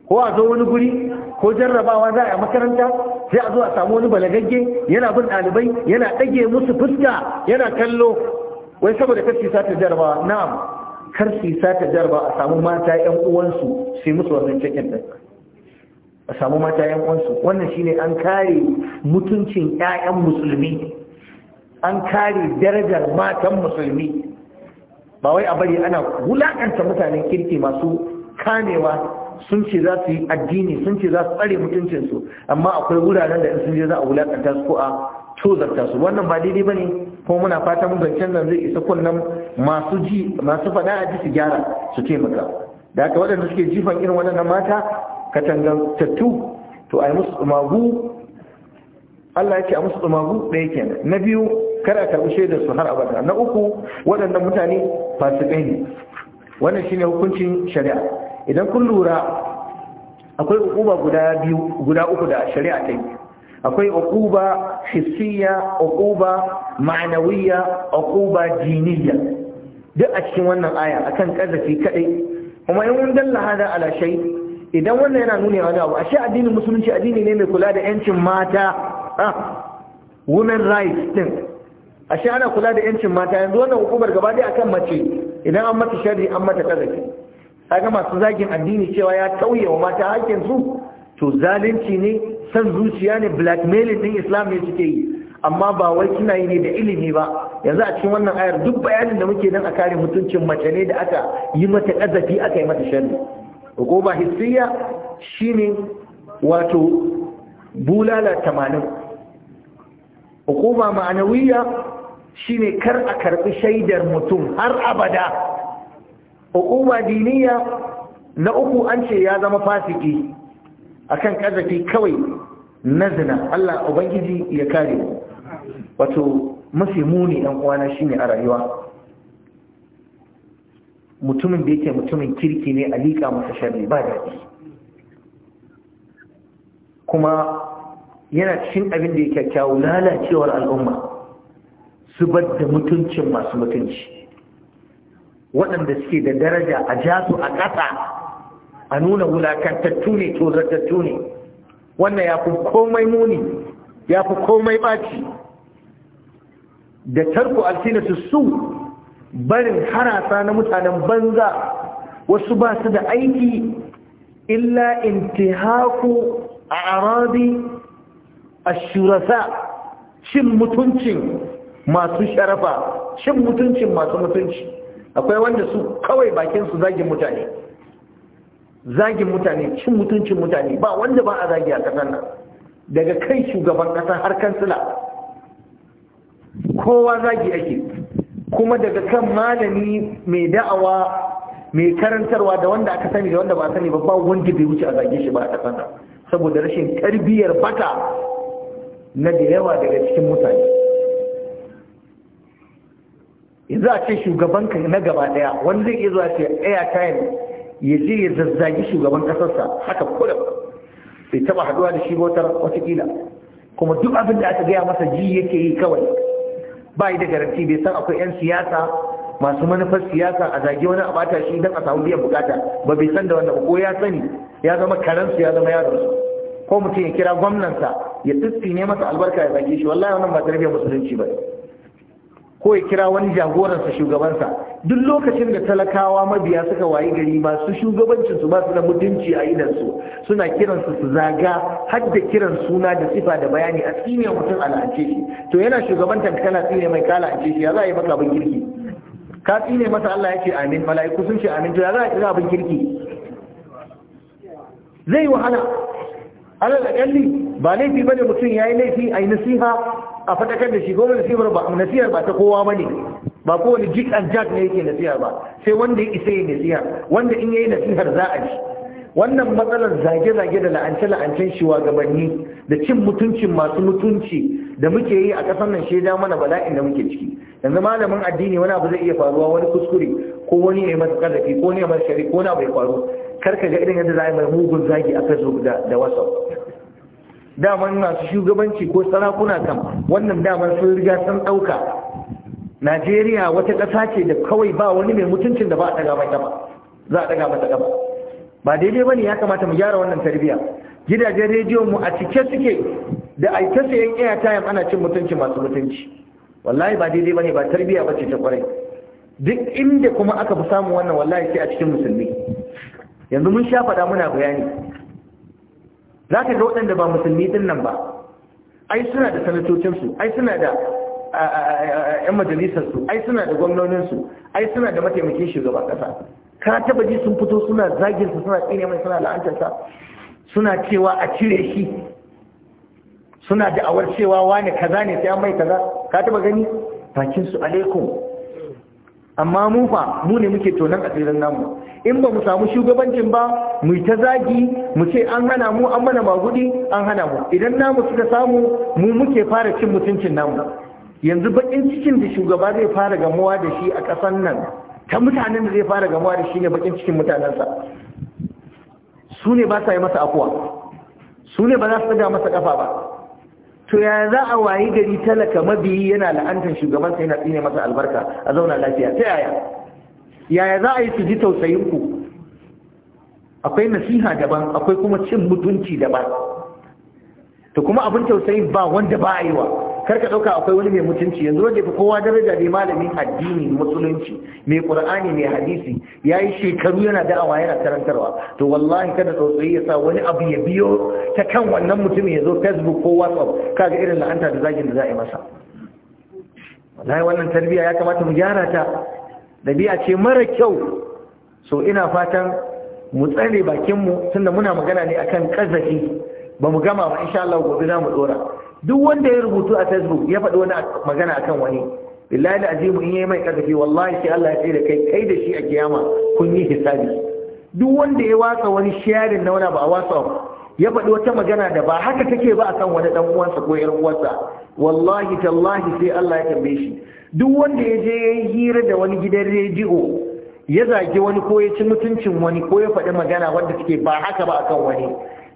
ko a zo wani guri ko jarrabawa za a makaranta sai a zo a samu wani balagagge yana bin ɗalibai yana ɗage musu fuska yana kallo wai saboda kar su sata jarrabawa na'am kar su sata jarrabawa a samu mata 'yan uwansu su musu wannan cikin ɗin a samu mata ƴan uwansu wannan shine an kare mutuncin ƴaƴan musulmi an kare darajar matan musulmi ba wai a bari ana wulakanta mutanen kirki masu kamewa sun ce za su yi addini sun ce za su tsare mutuncinsu amma akwai wuraren da in sun je za a wulakanta su ko a tozarta su wannan ba daidai ba ne. kuma muna fatan zancen nan zai isa kunnan masu ji masu faɗa a ji su gyara su taimaka da haka waɗanda suke jifan irin waɗannan mata katangantattu to a yi musu tsumagu Allah ya ce a musu tsumagu ɗaya kenan na biyu kada a karbi shaidar su har abada na uku waɗannan mutane fasikai ne wannan shine hukuncin shari'a idan kun lura akwai hukuma guda biyu guda uku da shari'a ta yi akwai uquba hissiya uquba ma'anawiyya uquba diniyya duk a cikin wannan aya akan kazafi kadai kuma in mun dalla hada ala shay idan wannan yana nuna wani abu ashe addinin musulunci addini ne mai kula da yancin mata ah, women rights din ashe ana kula da yancin mata yanzu wannan hukumar gaba dai akan mace idan an mata sharri an mata kazafi kaga masu zagin addini cewa ya tauye wa mata hakkin su to zalunci ne san zuciya ne blackmailing din islam ne suke yi amma ba wai kina yi ne da ilimi ba yanzu a cikin wannan ayar duk bayanin da muke nan a kare mutuncin mace ne da aka yi mata kazafi aka yi mata sharri hukuma hissiya shine wato bulala tamanin hukuma ma'anawiya shine kar a karbi shaidar mutum har abada hukuma diniya na uku an ce ya zama fasiki akan kazafi kawai na zina Allah ubangiji ya kare wato mafi muni ɗan uwana shine a rayuwa mutumin da yake mutumin kirki ne a liƙa masa sharri ba daɗi kuma yana cikin abin da ya kyakkyawo lalacewar al'umma zubar da mutuncin masu mutunci waɗanda suke da daraja a ja su a ƙasa a nuna wulakantattu ne tozartattu ne wannan ya fi komai muni ya fi komai ɓaci da tarko alfinatu su barin harasa na mutanen banza wasu ba su da aiki illa intihaku a arabi ashurasa cin mutuncin masu sharafa cin mutuncin masu mutunci akwai wanda su kawai bakinsu zagin mutane zagin mutane cin mutuncin mutane ba wanda ba a zagi a ƙasar nan daga kai shugaban ƙasa har kansila kowa zagi ake kuma daga kan malami mai da'awa mai karantarwa da wanda aka sani da wanda ba sani ba ba wanda bai wuce a zage shi ba a ƙasar nan saboda rashin tarbiyyar bata na da yawa daga cikin mutane yanzu a ce ka na gaba daya wani zai iya zuwa ce air time ya je ya zazzagi shugaban kasarsa haka kullum bai taba haduwa da shi wata watakila kuma duk abin da aka gaya masa ji yake yi kawai ba yi da garanti bai san akwai 'yan siyasa masu manufar siyasa a zagi wani abata shi don a samu biyan bukata ba bai san da wannan ko ya sani ya zama karensu, ya zama su. ko mutum ya kira gwamnansa ya tsitsine masa albarka ya zage shi wallahi wannan ba tarbiyyar musulunci ba ko ya kira wani jagoransa shugabansa duk lokacin da talakawa mabiya suka wayi gari masu shugabancin su ba su da mutunci a su, suna kiran su zaga har da kiran suna da sifa da bayani a tsine mutum a lance shi to yana shugabantar kana tsine mai kala a shi ya za a yi maka abin kirki ka tsine masa Allah ya ce amin mala'iku sun ce amin to ya za a kira abin kirki zai wahala da akalli ba laifi bane mutum yayi laifi a yi nasiha a fadakar da shi ko goma nasihar ba nasihar ba ta kowa bane ba kowane jik and jak ne yake nasiha ba sai wanda ya isa yi nasiha wanda in ya yi nasihar za a ji wannan matsalar zage-zage da la'ance-la'ancen shugabanni da cin mutuncin masu mutunci da muke yi a ƙasar nan shaida mana bala'in da muke ciki yanzu malamin addini wani abu zai iya faruwa wani kuskure ko wani ya yi karfi ko ne ya shari ko na bai faru karka ga irin yadda za a yi mai mugun zagi a facebook da whatsapp daman masu shugabanci ko sarakuna kam wannan daman sun riga sun ɗauka najeriya wata ƙasa ce da kawai ba wani mai mutuncin da ba a ɗaga mai ba za a ɗaga mata gaba ba daidai ne ya kamata mu gyara wannan tarbiyya. gidajen rediyon mu a cike suke da aita iya tayan ana cin mutunci masu mutunci wallahi ba daidai ne ba tarbiyya ba ce ta kwarai duk inda kuma aka fi samu wannan wallahi sai a cikin musulmi yanzu mun sha faɗa muna bayani za ka ga waɗanda ba musulmi din nan ba ai suna da sanatocinsu ai suna da 'yan majalisarsu ai suna da gwamnoninsu ai suna da mataimakin shugaban ƙasa ka taba ji sun fito suna zagin sa suna tsine mai suna la'antarsa suna cewa a cire shi suna da'awar cewa wani kaza ne sai an mai kaza ka taba gani bakin su alaikum amma mu fa mu ne muke tonan asirin namu in ba mu samu shugabancin ba mu yi ta zagi mu ce an hana mu an mana magudi an hana mu idan namu suka samu mu muke fara cin mutuncin namu yanzu bakin cikin da shugaba zai fara gamuwa da shi a ƙasan nan ta mutanen da zai fara gamuwa da shi ne bakin cikin mutanensa su ne ba sa yi masa akuwa su ne ba za su daga masa kafa ba to ya za a wayi gari talaka mabiyi yana la'antar shugabansa yana tsine masa albarka a zauna lafiya ta yaya yaya za a yi su ji tausayinku akwai nasiha daban akwai kuma cin mutunci daban to kuma abin tausayin ba wanda ba a yi wa kar ka ɗauka akwai wani mai mutunci yanzu wanda fi kowa daraja ne malamin addini musulunci mai qur'ani mai hadisi yayi shekaru yana da'awa yana karantarwa to wallahi kada tsotsi ya sa wani abu ya biyo ta kan wannan mutumin ya zo facebook ko whatsapp kaga irin la'anta da zagin da za a yi masa wallahi wannan tarbiyya ya kamata mu gyara ta dabi'a ce mara kyau so ina fatan mu tsare bakinmu tunda muna magana ne akan kazafi ba mu gama ba insha Allah gobe za mu dora duk wanda ya rubutu a facebook ya faɗi wani magana akan wani billahi da azimu in yi mai kasafi wallahi sai Allah ya tsaye da kai kai da shi a kiyama kun yi hisabi duk wanda ya watsa wani sharing na wani ba a whatsapp ya faɗi wata magana da ba haka take ba a kan wani dan uwansa ko yar uwansa wallahi tallahi sai Allah ya tambaye shi duk wanda ya je ya yi hira da wani gidan rediyo ya zagi wani ko ya ci mutuncin wani ko ya faɗi magana wanda take ba haka ba a kan wani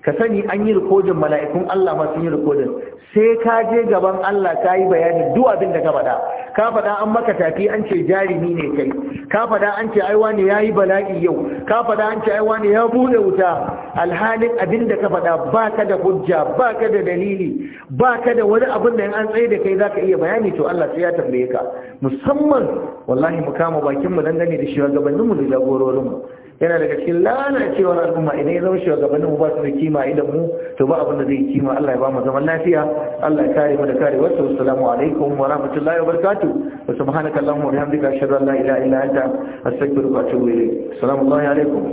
ka sani an yi rikodin mala'ikun Allah ma sun yi rikodin sai ka je gaban Allah ka yi bayani duk abin da ka faɗa ka faɗa an maka tafi an ce jarumi ne kai ka faɗa an ce aiwa ne ya yi bala'i yau ka faɗa an ce aiwa ne ya buɗe wuta alhalin abin da ka faɗa ba da hujja ba da dalili ba da wani abin da an tsaye da kai za ka iya bayani to Allah sai ya tambaye ka musamman wallahi mu kama bakinmu mu dangane da shugabanninmu da jagororinmu yana daga cikin lalacewar al'umma idan ya zama shugabannin mu ba su da kima idan mu to ba abin da zai kima Allah ya ba mu zaman lafiya Allah ya kare mu da kare wasu assalamu alaikum wa rahmatullahi wa barakatuh wa subhanaka allahumma wa bihamdika ashhadu an la ilaha illa anta astaghfiruka wa atubu ilayk assalamu alaikum